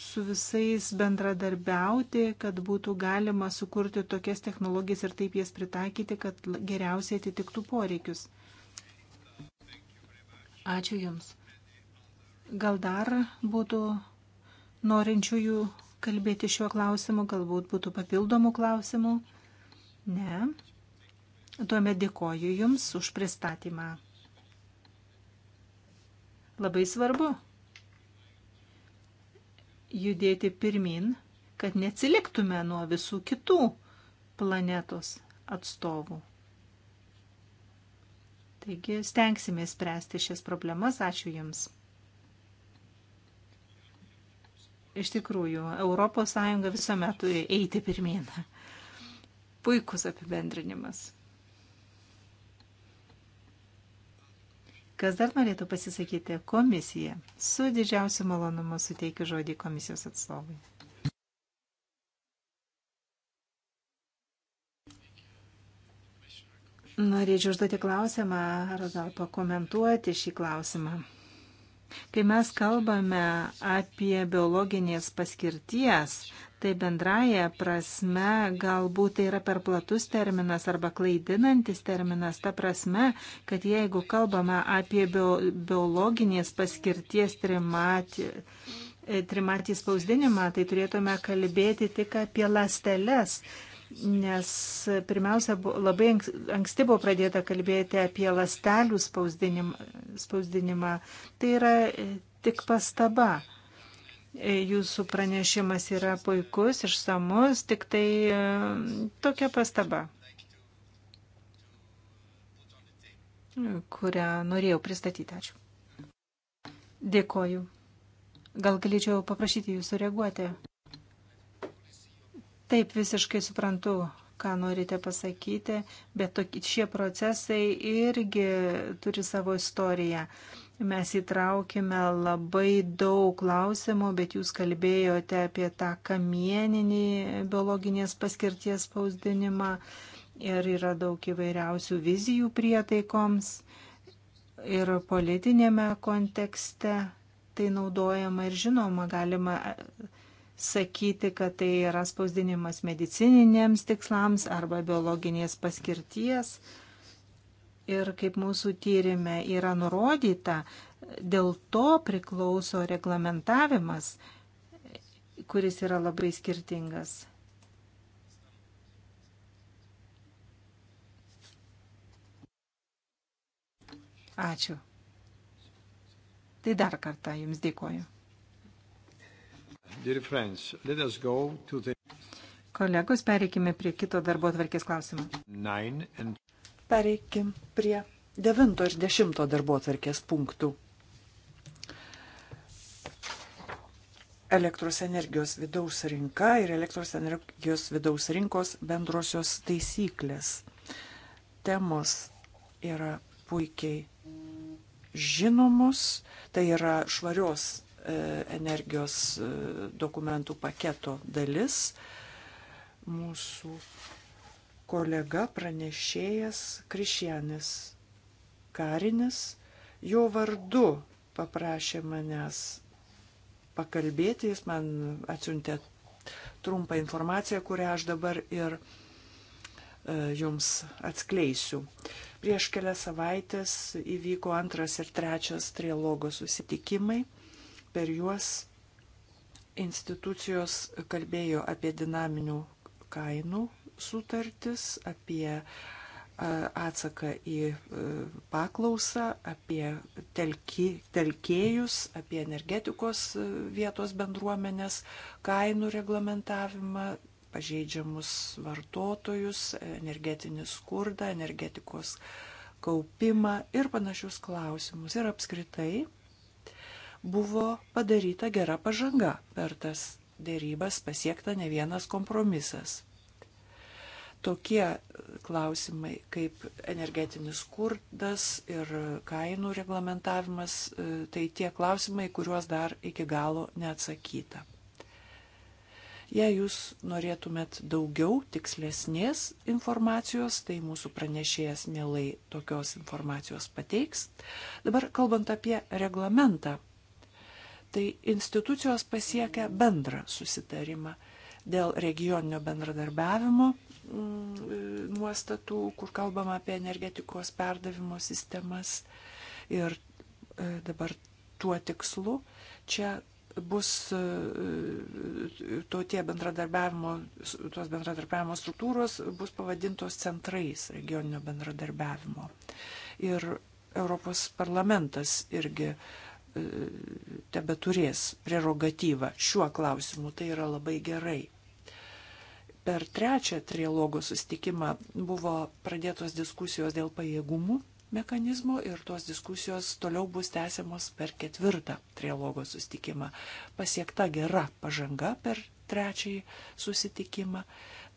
su visais bendradarbiauti, kad būtų galima sukurti tokias technologijas ir taip jas pritaikyti, kad geriausiai atitiktų poreikius. Ačiū Jums. Gal dar būtų norinčiųjų kalbėti šiuo klausimu, galbūt būtų papildomų klausimų? Ne. Tuomet dėkoju Jums už pristatymą. Labai svarbu judėti pirmin, kad neatsiliktume nuo visų kitų planetos atstovų. Taigi stengsime spręsti šias problemas. Ačiū Jums. Iš tikrųjų, ES visuomet turi eiti pirmin. Puikus apibendrinimas. Kas dar norėtų pasisakyti? Komisija. Su didžiausiu malonumu suteikiu žodį komisijos atstovui. Norėčiau užduoti klausimą ar dar pakomentuoti šį klausimą. Kai mes kalbame apie biologinės paskirties tai bendraja prasme galbūt tai yra per platus terminas arba klaidinantis terminas, ta prasme, kad jeigu kalbame apie biologinės paskirties trimatį, trimatį spausdinimą, tai turėtume kalbėti tik apie lasteles. Nes pirmiausia, labai anksti buvo pradėta kalbėti apie lastelių spausdinimą. spausdinimą. Tai yra e, tik pastaba. Jūsų pranešimas yra puikus, išsamus, tik tai e, tokia pastaba, kurią norėjau pristatyti. Ačiū. Dėkoju. Gal galėčiau paprašyti jūsų reaguoti? Taip, visiškai suprantu, ką norite pasakyti, bet tokie, šie procesai irgi turi savo istoriją. Mes įtraukėme labai daug klausimų, bet jūs kalbėjote apie tą kamieninį biologinės paskirties spausdinimą ir yra daug įvairiausių vizijų prietaikoms ir politinėme kontekste tai naudojama ir žinoma galima sakyti, kad tai yra spausdinimas medicininiams tikslams arba biologinės paskirties. Ir kaip mūsų tyrimė yra nurodyta, dėl to priklauso reglamentavimas, kuris yra labai skirtingas. Ačiū. Tai dar kartą Jums dėkoju. Friends, the... Kolegos, pereikime prie kito darbo atvarkės klausimo. And... Pereikim prie 9 ir 10 darbo atvarkės punktų. Elektros energijos vidaus rinka ir elektros energijos vidaus rinkos bendrosios taisyklės. Temos yra puikiai žinomos, tai yra švarios e, energijos e, dokumentų paketo dalis. Mūsų kolega pranešėjas Krišjanis Karinis, jo vardu paprašė manęs pakalbėti, jis man atsiuntė trumpą informaciją, kurią aš dabar ir e, jums atskleisiu. Prieš kelias savaitės įvyko antras ir trečias trialogo susitikimai. Per juos institucijos kalbėjo apie dinaminių kainų sutartis, apie atsaką į e, paklausą, apie telki, telkėjus, apie energetikos e, vietos bendruomenės, kainų reglamentavimą, pažeidžiamus vartotojus, energetinį skurdą, energetikos kaupimą ir panašius klausimus. Ir apskritai buvo padaryta gera pažanga per tas dėrybas pasiekta ne vienas kompromisas tokie klausimai kaip energetinis skurdas ir kainų reglamentavimas, e, tai tie klausimai, kuriuos dar iki galo neatsakyta. Jei jūs norėtumėt daugiau tikslesnės informacijos, tai mūsų pranešėjas mielai tokios informacijos pateiks. Dabar kalbant apie reglamentą, tai institucijos pasiekia bendrą susitarimą dėl regioninio bendradarbiavimo Mm, nuostatų, kur kalbama apie energetikos perdavimo sistemas. Ir e, dabar tuo tikslu čia bus e, to tie bendradarbiavimo, tos bendradarbiavimo struktūros bus pavadintos centrais regioninio bendradarbiavimo. Ir Europos parlamentas irgi e, tebe turės prerogatyvą šiuo klausimu, tai yra labai gerai per trečią trialogo sustikimą buvo pradėtos diskusijos dėl pajėgumų mechanizmo ir tos diskusijos toliau bus tęsiamos per ketvirtą trialogo sustikimą. Pasiekta gera pažanga per trečiąjį susitikimą,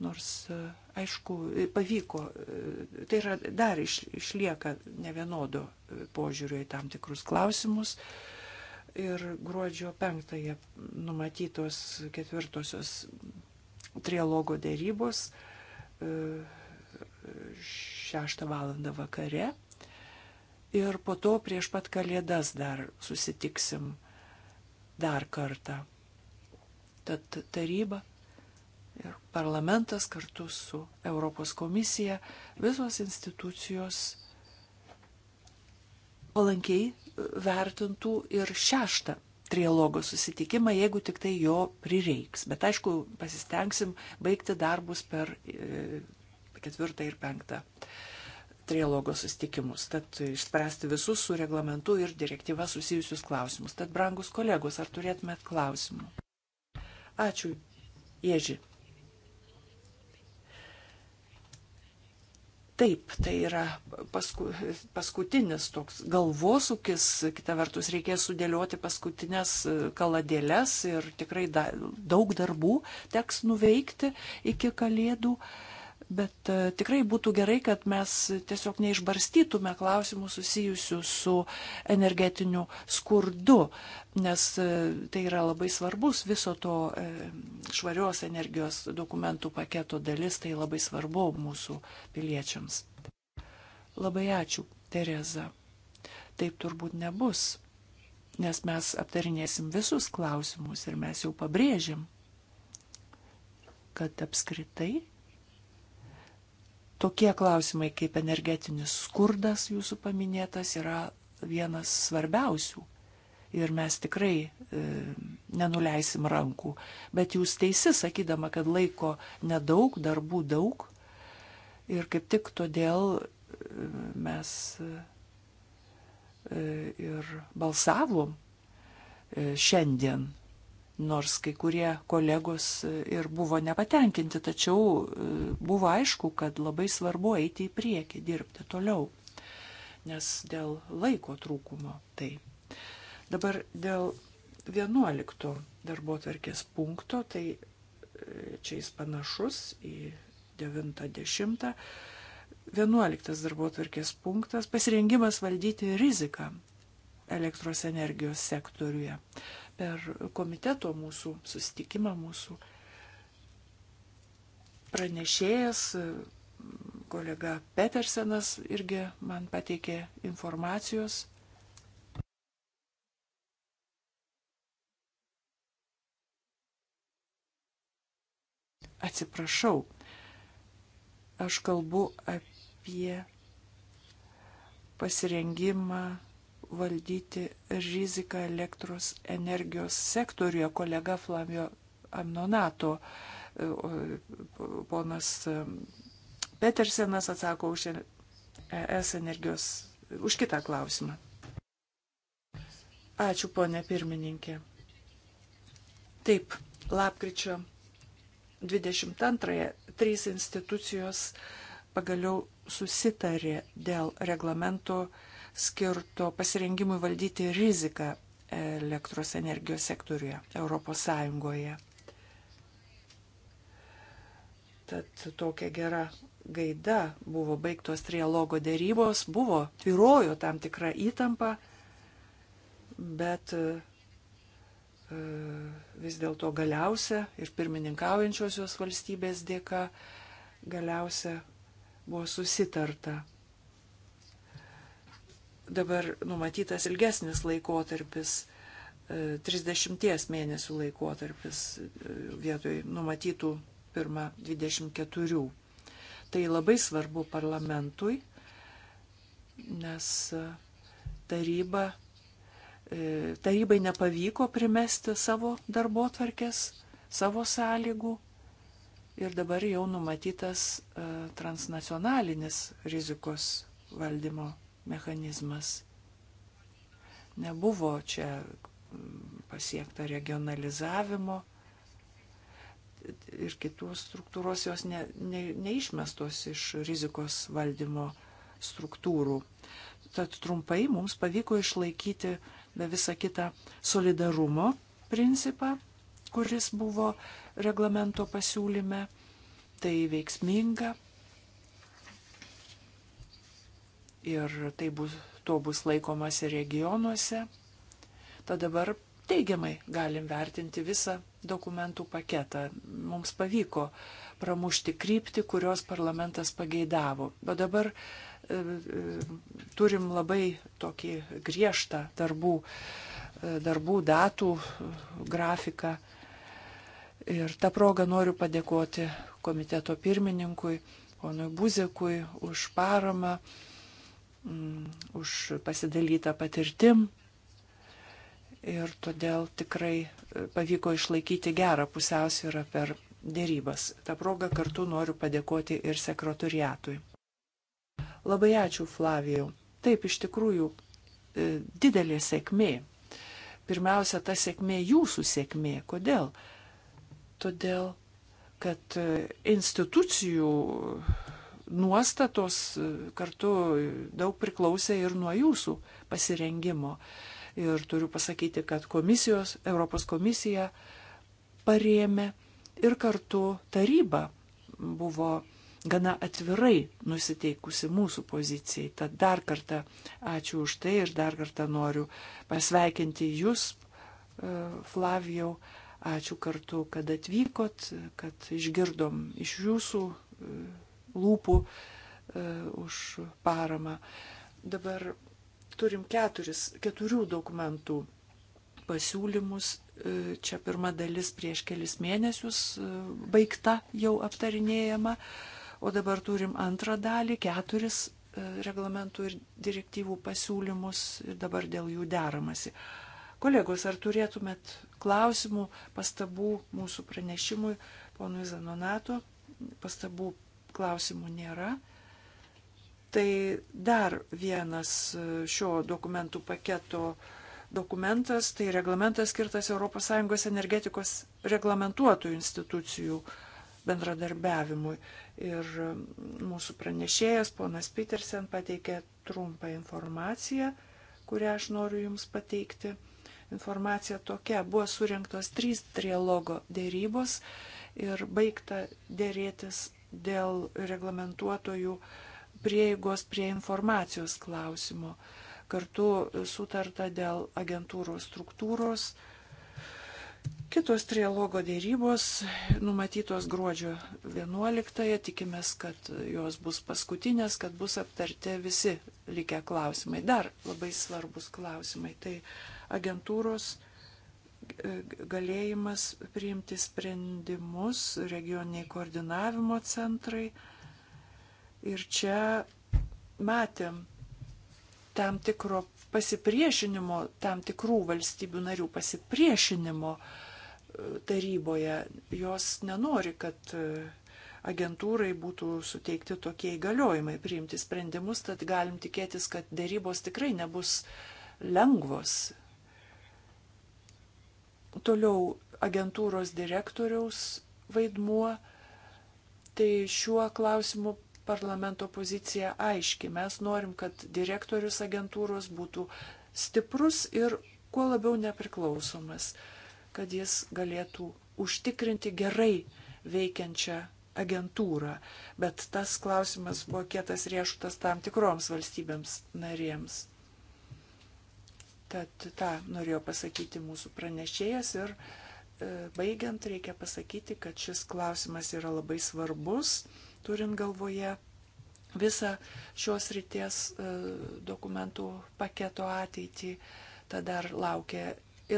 nors, e, aišku, e, pavyko, e, tai yra dar iš, išlieka nevienodo požiūrio į tam tikrus klausimus. Ir gruodžio penktąją numatytos ketvirtosios trialogo dėrybos 6 e, val. vakare. Ir po to prieš pat kalėdas dar susitiksim dar kartą. Tad taryba ir parlamentas kartu su Europos komisija, visos institucijos palankiai vertintų ir šeštą trialogo susitikimą, jeigu tik tai jo prireiks. Bet aišku, pasistengsim baigti darbus per e, ketvirtą ir penktą trialogo susitikimus, tad išspręsti visus su reglamentu ir direktyva susijusius klausimus. Tad, brangus kolegos, ar turėtumėt klausimų? Ačiū, Ježi. Taip, tai yra pasku, paskutinis toks galvosūkis, kita vertus reikės sudėlioti paskutinės e, kaladėlės ir tikrai da, daug darbų teks nuveikti iki kalėdų. Uh, Bet e, tikrai būtų gerai, kad mes tiesiog neišbarstytume klausimų susijusių su energetiniu skurdu, nes e, tai yra labai svarbus viso to e, švarios energijos dokumentų paketo dalis, tai labai svarbu mūsų piliečiams. Labai ačiū, Tereza. Taip turbūt nebus, nes mes aptarinėsim visus klausimus ir mes jau pabrėžim, kad apskritai Tokie klausimai kaip energetinis skurdas jūsų paminėtas yra vienas svarbiausių. Ir mes tikrai e, nenuleisim rankų. Bet jūs teisi, sakydama, kad laiko nedaug, darbų daug. Ir kaip tik todėl e, mes e, e, ir balsavom šiandien nors kai kurie kolegos e, ir buvo nepatenkinti, tačiau e, buvo aišku, kad labai svarbu eiti į priekį, dirbti toliau, nes dėl laiko trūkumo. Tai dabar dėl 11 darbo tvarkės punkto, tai e, čia jis panašus į 90. 11 darbo tvarkės punktas - pasirengimas valdyti riziką elektros energijos sektoriuje per komiteto mūsų sustikimą, mūsų pranešėjas, kolega Petersenas irgi man pateikė informacijos. Atsiprašau, aš kalbu apie pasirengimą valdyti riziką elektros energijos sektoriuje. Kolega Flamio Amnonato, e, ponas e, Petersenas atsako už e, ES energijos, už kitą klausimą. Ačiū, ponė pirmininkė. Taip, lapkričio 22-ąją trys institucijos pagaliau susitarė dėl reglamento 2021-2027 skirto pasirengimui valdyti riziką elektros energijos sektoriuje Europos Sąjungoje. Tad tokia gera gaida buvo baigtos trialogo dėrybos, buvo, tvirojo tam tikra įtampa, bet e, vis dėlto galiausia ir pirmininkaujančiosios valstybės dėka galiausia buvo susitarta dabar numatytas ilgesnis laikotarpis, 30 e, mėnesių laikotarpis e, vietoj numatytų pirmą 24. Tai labai svarbu parlamentui, nes e, taryba, tarybai nepavyko primesti savo darbo tvarkės, savo sąlygų ir dabar jau numatytas transnacionalinis rizikos valdymo mechanizmas. Nebuvo čia mm, pasiekta regionalizavimo ir kitos struktūros jos ne, ne, neišmestos iš rizikos valdymo struktūrų. Tad trumpai mums pavyko išlaikyti be visą kitą solidarumo principą, kuris buvo reglamento pasiūlyme. Tai veiksminga ir tai bus, to bus laikomasi regionuose. Tad dabar teigiamai galim vertinti visą dokumentų paketą. Mums pavyko pramušti kryptį, kurios parlamentas pageidavo. O dabar e, e, turim labai tokį griežtą darbų, e, darbų datų grafiką. Ir tą progą noriu padėkoti komiteto pirmininkui, ponui Buzekui, už paramą, Mm, už pasidalytą patirtim. Ir todėl tikrai e, pavyko išlaikyti gerą pusiausvyrą per dėrybas. Ta proga kartu noriu padėkoti ir sekretoriatui. Labai ačiū, Flavijau. Taip, iš tikrųjų, e, didelė sėkmė. Pirmiausia, ta sėkmė jūsų sėkmė. Kodėl? Todėl, kad e, institucijų nuostatos e, kartu daug priklausė ir nuo jūsų pasirengimo. Ir turiu pasakyti, kad komisijos, Europos komisija parėmė ir kartu taryba buvo gana atvirai nusiteikusi mūsų pozicijai. Tad dar kartą ačiū už tai ir dar kartą noriu pasveikinti Jūs, e, Flavijau. Ačiū kartu, kad atvykot, kad išgirdom iš Jūsų e, lūpų e, už paramą. Dabar turim keturis, keturių dokumentų pasiūlymus. E, čia pirma dalis prieš kelis mėnesius e, baigta jau aptarinėjama, o dabar turim antrą dalį, keturis reglamentų ir direktyvų pasiūlymus ir dabar dėl jų deramasi. Kolegos, ar turėtumėt klausimų, pastabų mūsų pranešimui, ponui Zanonato, pastabų klausimų nėra. Tai dar vienas e, šio dokumentų paketo dokumentas, tai reglamentas skirtas ES energetikos reglamentuotojų institucijų bendradarbiavimui. Ir e, mūsų pranešėjas, ponas Petersen, pateikė trumpą informaciją, kurią aš noriu Jums pateikti. Informacija tokia, buvo surinktos trys trialogo dėrybos ir baigta dėrėtis dėl reglamentuotojų prieigos prie informacijos klausimo. Kartu sutarta dėl agentūrų struktūros. Kitos trialogo dėrybos numatytos gruodžio 11-ąją, tikimės, kad jos bus paskutinės, kad bus aptarti visi likę klausimai. Dar labai svarbus klausimai - tai agentūros struktūros galėjimas priimti sprendimus, regioniniai koordinavimo centrai. Ir čia matėm tam tikro pasipriešinimo, tam tikrų valstybių narių pasipriešinimo e, taryboje. Jos nenori, kad e, agentūrai būtų suteikti tokie įgaliojimai priimti sprendimus, tad galim tikėtis, kad dėrybos tikrai nebus lengvos Toliau agentūros direktoriaus vaidmuo. Tai šiuo klausimu parlamento pozicija aiški. Mes norim, kad direktorius agentūros būtų stiprus ir kuo labiau nepriklausomas, kad jis galėtų užtikrinti gerai veikiančią agentūrą. Bet tas klausimas buvo kietas riešutas tam tikroms valstybėms narėms. Tad tą norėjo pasakyti mūsų pranešėjas ir e, baigiant reikia pasakyti, kad šis klausimas yra labai svarbus, turint galvoje visą šios ryties e, dokumentų paketo ateitį. Tad dar laukia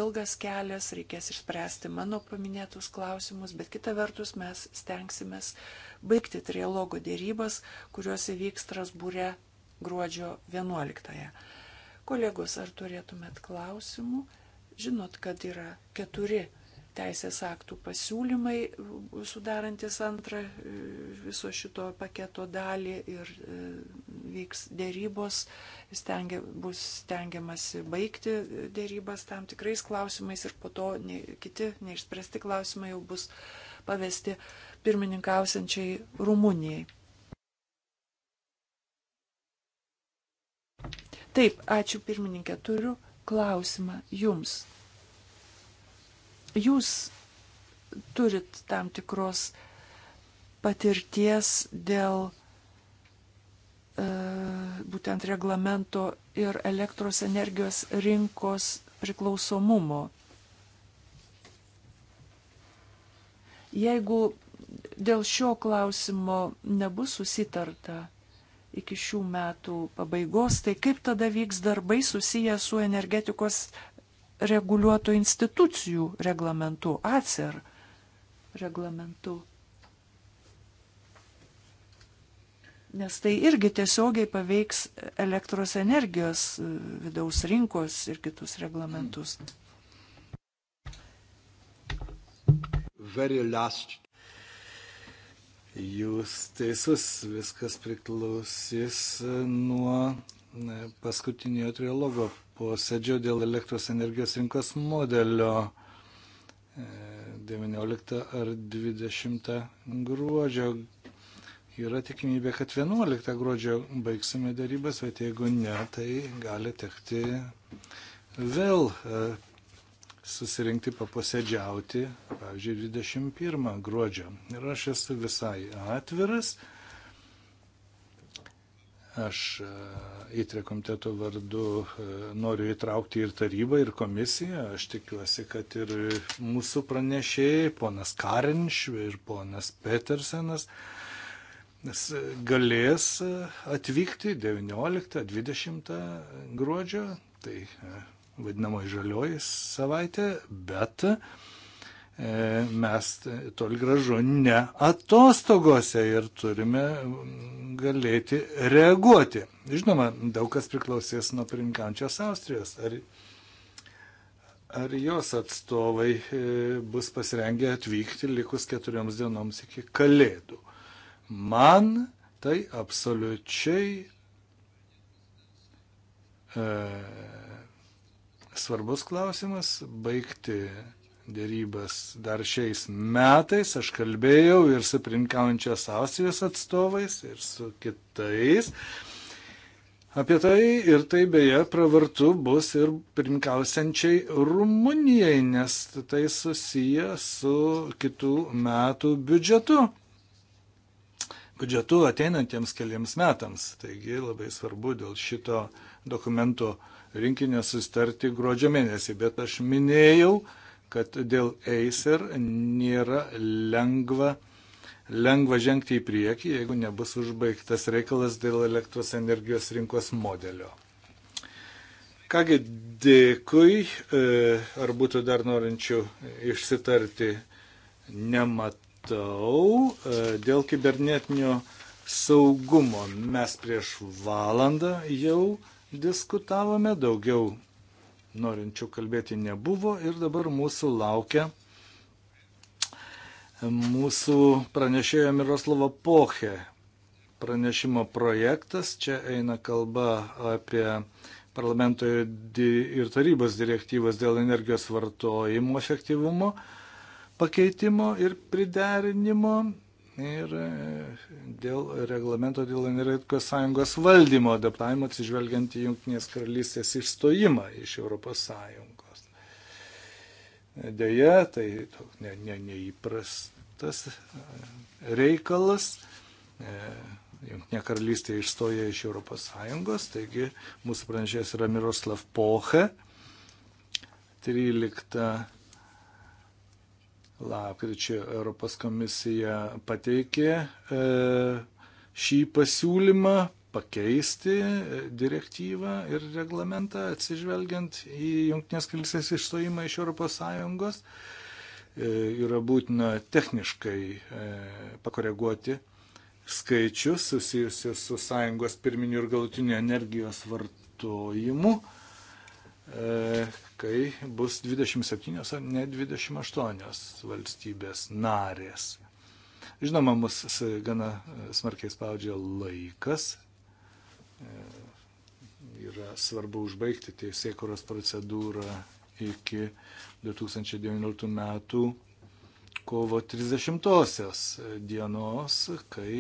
ilgas kelias, reikės išspręsti mano paminėtus klausimus, bet kita vertus mes stengsimės baigti trialogo dėrybas, kurios įvyks Strasbūre gruodžio 11. -ąją. Kolegos, ar turėtumėt klausimų? Žinot, kad yra keturi teisės aktų pasiūlymai sudarantis antrą e, viso šito paketo dalį ir e, vyks dėrybos, stengia, bus stengiamasi baigti e, dėrybas tam tikrais klausimais ir po to ne, kiti neišspręsti klausimai jau bus pavesti pirmininkausiančiai Rumunijai. Taip, ačiū pirmininkė, turiu klausimą jums. Jūs turit tam tikros patirties dėl e, būtent reglamento ir elektros energijos rinkos priklausomumo. Jeigu dėl šio klausimo nebus susitarta, iki šių metų pabaigos, tai kaip tada vyks darbai susiję su energetikos reguliuoto institucijų reglamentu, ACER reglamentu. Nes tai irgi tiesiogiai paveiks elektros energijos vidaus rinkos ir kitus reglamentus. Very last Jūs teisus, viskas priklausys e, nuo e, paskutinio trialogo posėdžio dėl elektros energijos rinkos modelio 19 e, ar 20 gruodžio. Yra tikimybė, kad 11 gruodžio baigsime darybas, bet jeigu ne, tai gali tekti vėl susirinkti paposėdžiauti, pavyzdžiui, 21 gruodžio. Ir aš esu visai atviras. Aš įtrė e, komiteto vardu e, noriu įtraukti ir tarybą, ir komisiją. Aš tikiuosi, kad ir mūsų pranešėjai, ponas Karinš ir ponas Petersenas, e, galės atvykti 19-20 gruodžio. Tai vadinamoji žalioji savaitė, bet e, mes toli gražu ne atostogose ir turime galėti reaguoti. Žinoma, daug kas priklausys nuo pirinkančios Austrijos. Ar, ar jos atstovai e, bus pasirengę atvykti likus keturioms dienoms iki kalėdų. Man tai absoliučiai e, svarbus klausimas baigti dėrybas dar šiais metais. Aš kalbėjau ir su prinkaujančios Austrijos atstovais, ir su kitais. Apie tai ir tai beje pravartu bus ir prinkausiančiai Rumunijai, nes tai susiję su kitų metų biudžetu. Biudžetu ateinantiems keliams metams. Taigi labai svarbu dėl šito dokumento uh, rinkinio sustarti gruodžio mėnesį, bet aš minėjau, kad dėl Acer nėra lengva, lengva žengti į priekį, jeigu nebus užbaigtas reikalas dėl elektros energijos rinkos modelio. Kągi, dėkui, e, ar būtų dar norinčių išsitarti, nematau, e, dėl kibernetinio saugumo mes prieš valandą jau diskutavome, daugiau norinčių kalbėti nebuvo ir dabar mūsų laukia mūsų pranešėjo Miroslavo Poche pranešimo projektas. Čia eina kalba apie parlamento ir tarybos direktyvas dėl energijos vartojimo efektyvumo pakeitimo ir priderinimo ir e, dėl reglamento dėl energetikos sąjungos valdymo adaptavimo atsižvelgiant į Junktinės karalystės išstojimą iš Europos sąjungos. Deja, tai ne, ne, neįprastas e, reikalas. E, Junktinė karalystė išstoja iš Europos Sąjungos, taigi mūsų pranešėjas yra Miroslav Poche. 13 Lapkričio Europos komisija pateikė e, šį pasiūlymą pakeisti e, direktyvą ir reglamentą atsižvelgiant į Junktinės karalystės išstojimą iš ES. E, yra būtina techniškai pakoreguoti skaičius susijusius su sąjungos pirminiu ir galutiniu energijos vartojimu. E, kai bus 27, o ne 28 valstybės narės. Žinoma, mus gana e, smarkiai spaudžia laikas. E, yra svarbu užbaigti teisėkuros procedūrą iki 2019 metų kovo 30 dienos, kai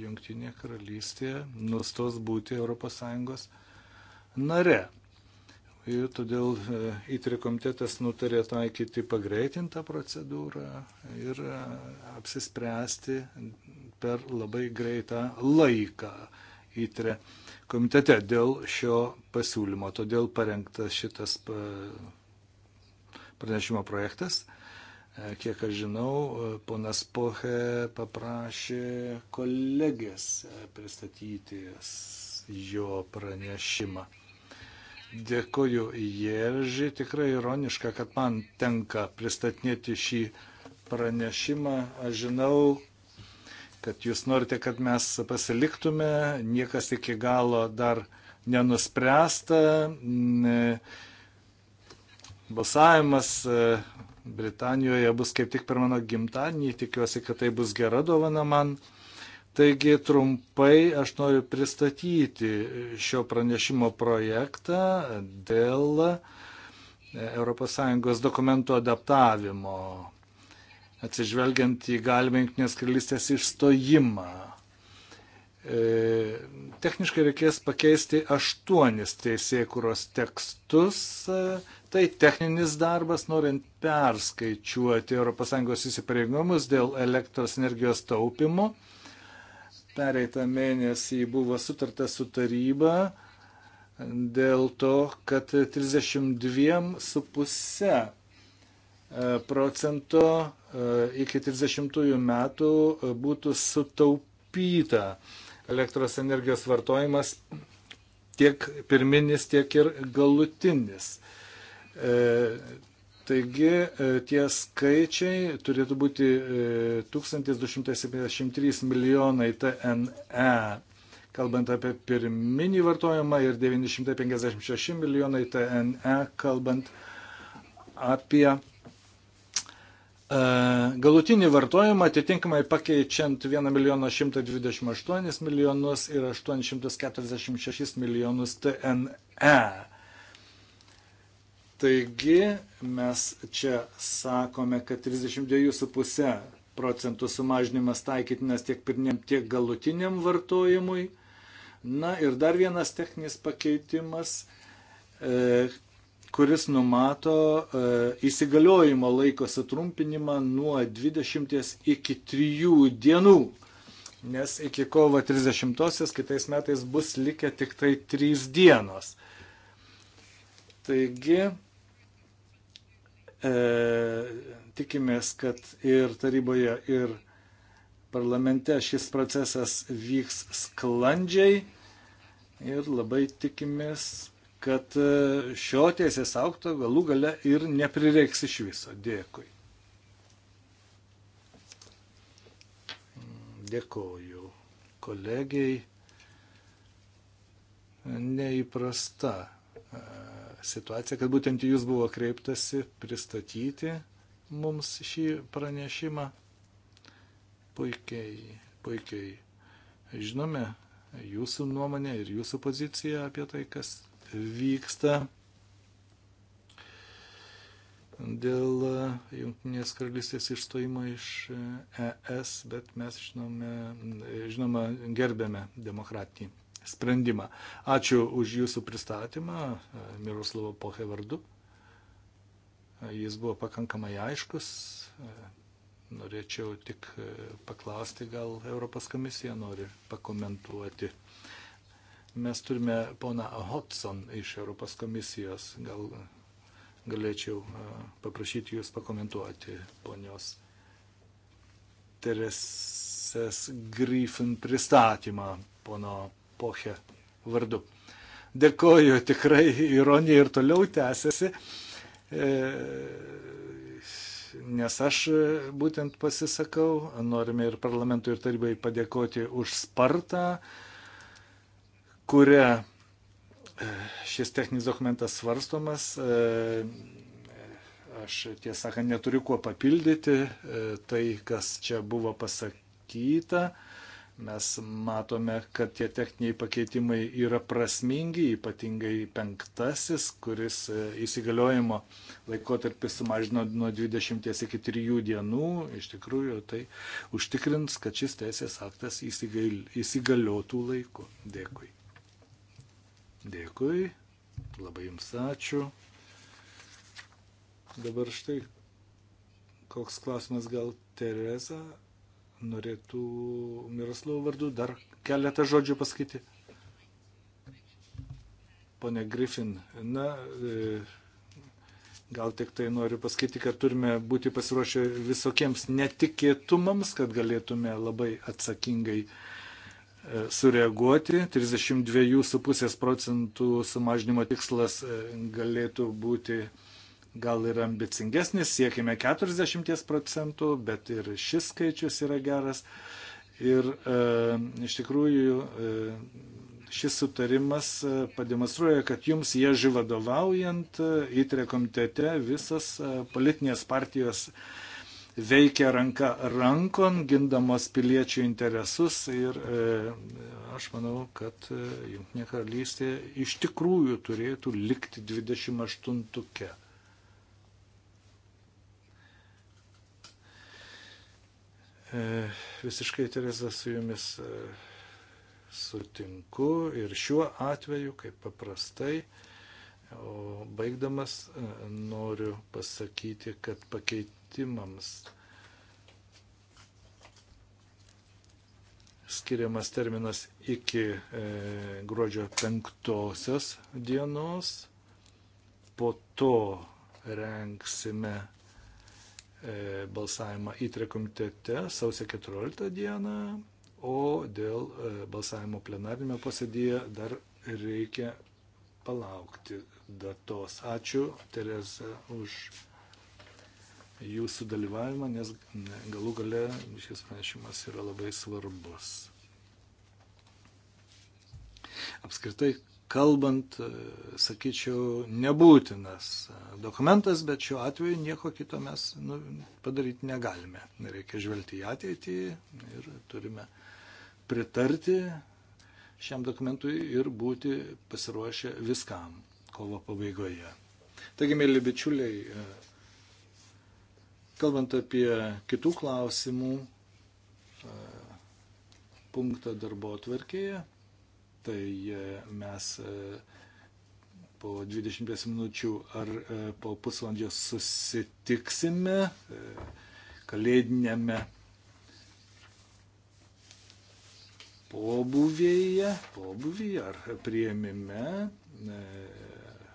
Junktinė karalystė nustos būti ES nare ir todėl įtri e, komitetas nutarė taikyti pagreitintą procedūrą ir e, apsispręsti per labai greitą laiką įtre komitete dėl šio pasiūlymo. Todėl parengtas šitas e, pranešimo projektas. Kiek aš žinau, ponas Poche paprašė kolegės pristatyti jo pranešimą. Dėkoju Jerži, tikrai ironiška, kad man tenka pristatinėti šį pranešimą. Aš žinau, kad jūs norite, kad mes pasiliktume, niekas iki galo dar nenuspręsta. Balsavimas e, Britanijoje bus kaip tik per mano gimtadienį, tikiuosi, kad tai bus gera dovana man. Taigi trumpai aš noriu pristatyti šio pranešimo projektą dėl ES dokumento adaptavimo, atsižvelgiant į galimą Junktinės karalystės išstojimą. E, techniškai reikės pakeisti aštuonis teisėkuros tekstus. E, tai techninis darbas, norint perskaičiuoti ES įsipareigomus dėl elektros energijos taupimo pereitą mėnesį buvo sutarta su taryba dėl to, kad 32,5 e, procento e, iki 30 metų e, būtų sutaupyta elektros energijos vartojimas tiek pirminis, tiek ir galutinis. Taigi e, tie skaičiai turėtų būti 1273 e, milijonai TNE, kalbant apie pirminį vartojimą ir 956 milijonai TNE, kalbant apie e, galutinį vartojimą, atitinkamai pakeičiant 1 milijoną 128 milijonus ir 846 milijonus TNE. Taigi mes čia sakome, kad 32,5 procentų sumažinimas taikytinas tiek pirminiam, tiek galutiniam vartojimui. Na ir dar vienas techninis pakeitimas, e, kuris numato e, įsigaliojimo laiko sutrumpinimą nuo 20 iki 3 dienų, nes iki kovo 30 kitais metais bus likę tik tai 3 dienos. Taigi E, tikimės, kad ir taryboje, ir parlamente šis procesas vyks sklandžiai ir labai tikimės, kad e, šio teisės aukto galų gale ir neprireiks iš viso. Dėkui. Dėkoju kolegiai. Neįprasta e, situaciją, kad būtent jūs buvo kreiptasi pristatyti mums šį pranešimą. Puikiai, puikiai žinome jūsų nuomonę ir jūsų poziciją apie tai, kas vyksta dėl Junktinės karalystės išstojimo iš ES, bet mes žinome, žinoma gerbėme demokratinį sprendimą. Ačiū už jūsų pristatymą Miroslavo Poche vardu. Jis buvo pakankamai aiškus. Norėčiau tik paklausti, gal Europos komisija nori pakomentuoti. Mes turime poną Hodson iš Europos komisijos. Gal galėčiau paprašyti jūs pakomentuoti ponios Teresės Gryfin pristatymą pono epochę vardu. Dėkoju, tikrai ironija ir toliau tęsiasi, e, nes aš būtent pasisakau, norime ir parlamentui ir tarybai padėkoti už spartą, kurią e, šis techninis dokumentas svarstomas. E, aš tiesą sakant neturiu kuo papildyti tai, kas čia buvo pasakyta Mes matome, kad tie techniniai pakeitimai yra prasmingi, ypatingai penktasis, kuris e, įsigaliojimo laikotarpį sumažino nuo 20 iki 3 dienų. Iš tikrųjų, tai užtikrins, kad šis teisės aktas įsigaliotų laiku. Dėkui. Dėkui. Labai jums ačiū. Dabar štai koks klausimas gal Tereza norėtų Miroslavų vardu dar keletą žodžių pasakyti. Pone Griffin, na, e, gal tik tai noriu pasakyti, kad turime būti pasiruošę visokiems netikėtumams, kad galėtume labai atsakingai e, sureaguoti. 32,5 procentų sumažinimo tikslas e, galėtų būti gal ir ambicingesnis, siekime 40 procentų, bet ir šis skaičius yra geras. Ir e, iš tikrųjų e, šis sutarimas e, pademonstruoja, kad jums jieži vadovaujant e, įtre komitete visas e, politinės partijos veikia ranka rankon, gindamos piliečių interesus ir e, aš manau, kad Junktinė karalystė iš tikrųjų turėtų likti 28-uke. E, visiškai, Teresa, su jumis e, sutinku ir šiuo atveju, kaip paprastai, O baigdamas e, noriu pasakyti, kad pakeitimams skiriamas terminas iki gruodžio penktosios dienos, po to renksime E, balsavimą įtre komitete sausio 14 dieną, o dėl e, balsavimo plenarinėme posėdėje dar reikia palaukti datos. Ačiū, Tereza, už jūsų dalyvavimą, nes galų gale šis pranešimas yra labai svarbus. Apskritai, kalbant, e, sakyčiau, nebūtinas e, dokumentas, bet šiuo atveju nieko kito mes nu, padaryti negalime. Reikia žvelgti į ateitį ir turime pritarti šiam dokumentui ir būti pasiruošę viskam kovo pabaigoje. Taigi, mėly bičiuliai, e, kalbant apie kitų klausimų punktą darbo atverkėje, tai e, mes e, po 20 minučių ar e, po pusvalandžio susitiksime kalėdinėme pobuvėje, pobuvėje ar prieimime.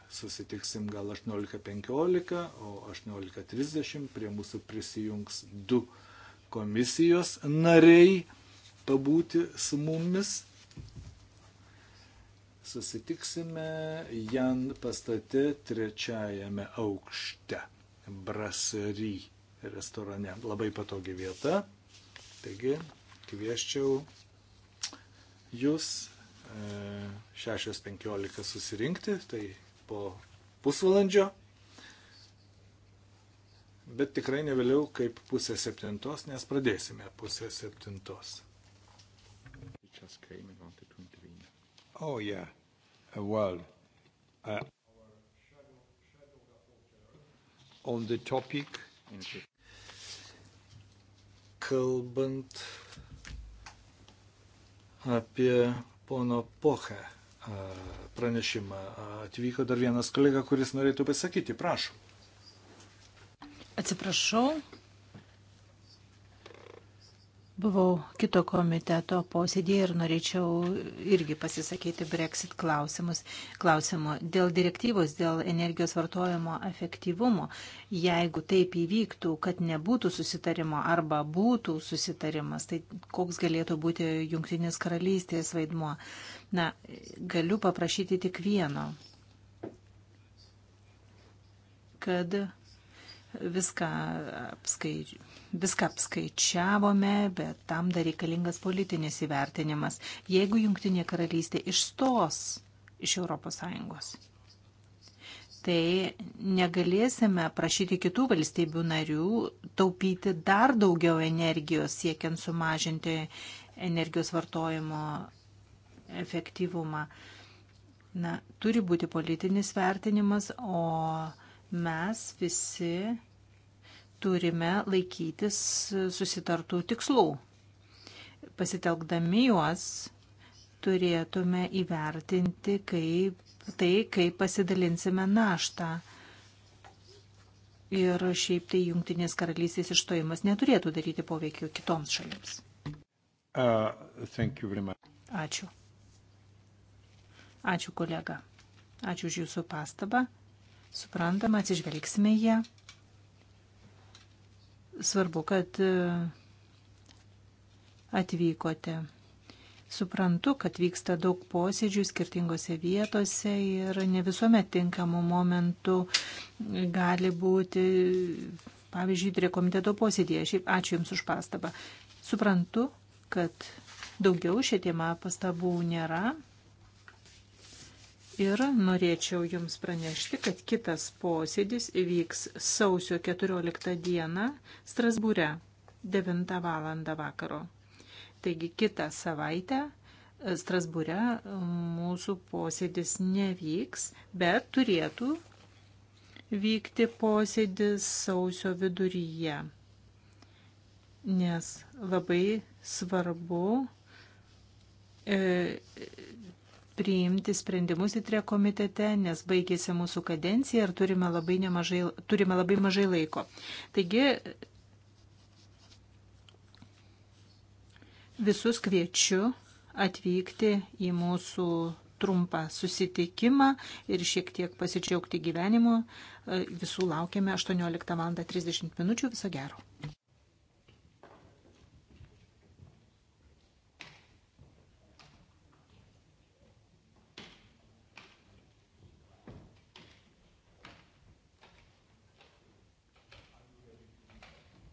Susitiksim gal 18.15, o 18.30 prie mūsų prisijungs du komisijos nariai pabūti su mumis susitiksime Jan pastate trečiajame aukšte, Brasary restorane. Labai patogi vieta. Taigi, kvieščiau jūs 6.15 e, susirinkti, tai po pusvalandžio bet tikrai ne vėliau kaip pusę septintos, nes pradėsime pusę septintos. Oh, yeah world. Uh, on the topic. Kalbant apie pono Pochę uh, pranešimą, atvyko dar vienas kolega, kuris norėtų pasakyti. Prašom. Atsiprašau, Buvau kito komiteto posėdėje ir norėčiau irgi pasisakyti Brexit klausimus. Klausimo dėl direktyvos, dėl energijos vartojimo efektyvumo, jeigu taip įvyktų, kad nebūtų susitarimo arba būtų susitarimas, tai koks galėtų būti Junktinės karalystės vaidmuo? Na, galiu paprašyti tik vieno, kad viską apskaidžiu viską apskaičiavome, bet tam dar reikalingas politinis įvertinimas, jeigu Junktinė karalystė išstos iš ES. Tai negalėsime prašyti kitų valstybių narių taupyti dar daugiau energijos siekiant sumažinti energijos vartojimo efektyvumą. Na, turi būti politinis vertinimas, o mes visi turime laikytis susitartų tikslų. Pasitelkdami juos turėtume įvertinti kaip, tai, kaip pasidalinsime naštą. Ir šiaip tai jungtinės karalystės išstojimas neturėtų daryti poveikio kitoms šalims. Uh, Ačiū. Ačiū kolega. Ačiū už jūsų pastabą. Suprantama, atsižvelgsime ją svarbu, kad e, atvykote. Suprantu, kad vyksta daug posėdžių skirtingose vietose ir ne visuomet tinkamų momentų gali būti, pavyzdžiui, prie komiteto posėdėje. Šiaip ačiū Jums už pastabą. Suprantu, kad daugiau šią temą pastabų nėra ir norėčiau Jums pranešti, kad kitas posėdis įvyks sausio 14 dieną Strasbūre 9 val. vakaro. Taigi kitą savaitę e, Strasbūre e, mūsų posėdis nevyks, bet turėtų vykti posėdis sausio viduryje, nes labai svarbu e, priimti sprendimus į trie komitete, nes baigėsi mūsų kadencija ir turime labai, nemažai, turime labai mažai laiko. Taigi visus kviečiu atvykti į mūsų trumpą susitikimą ir šiek tiek pasidžiaugti gyvenimu. Visų laukiame 18.30 min. Viso gero.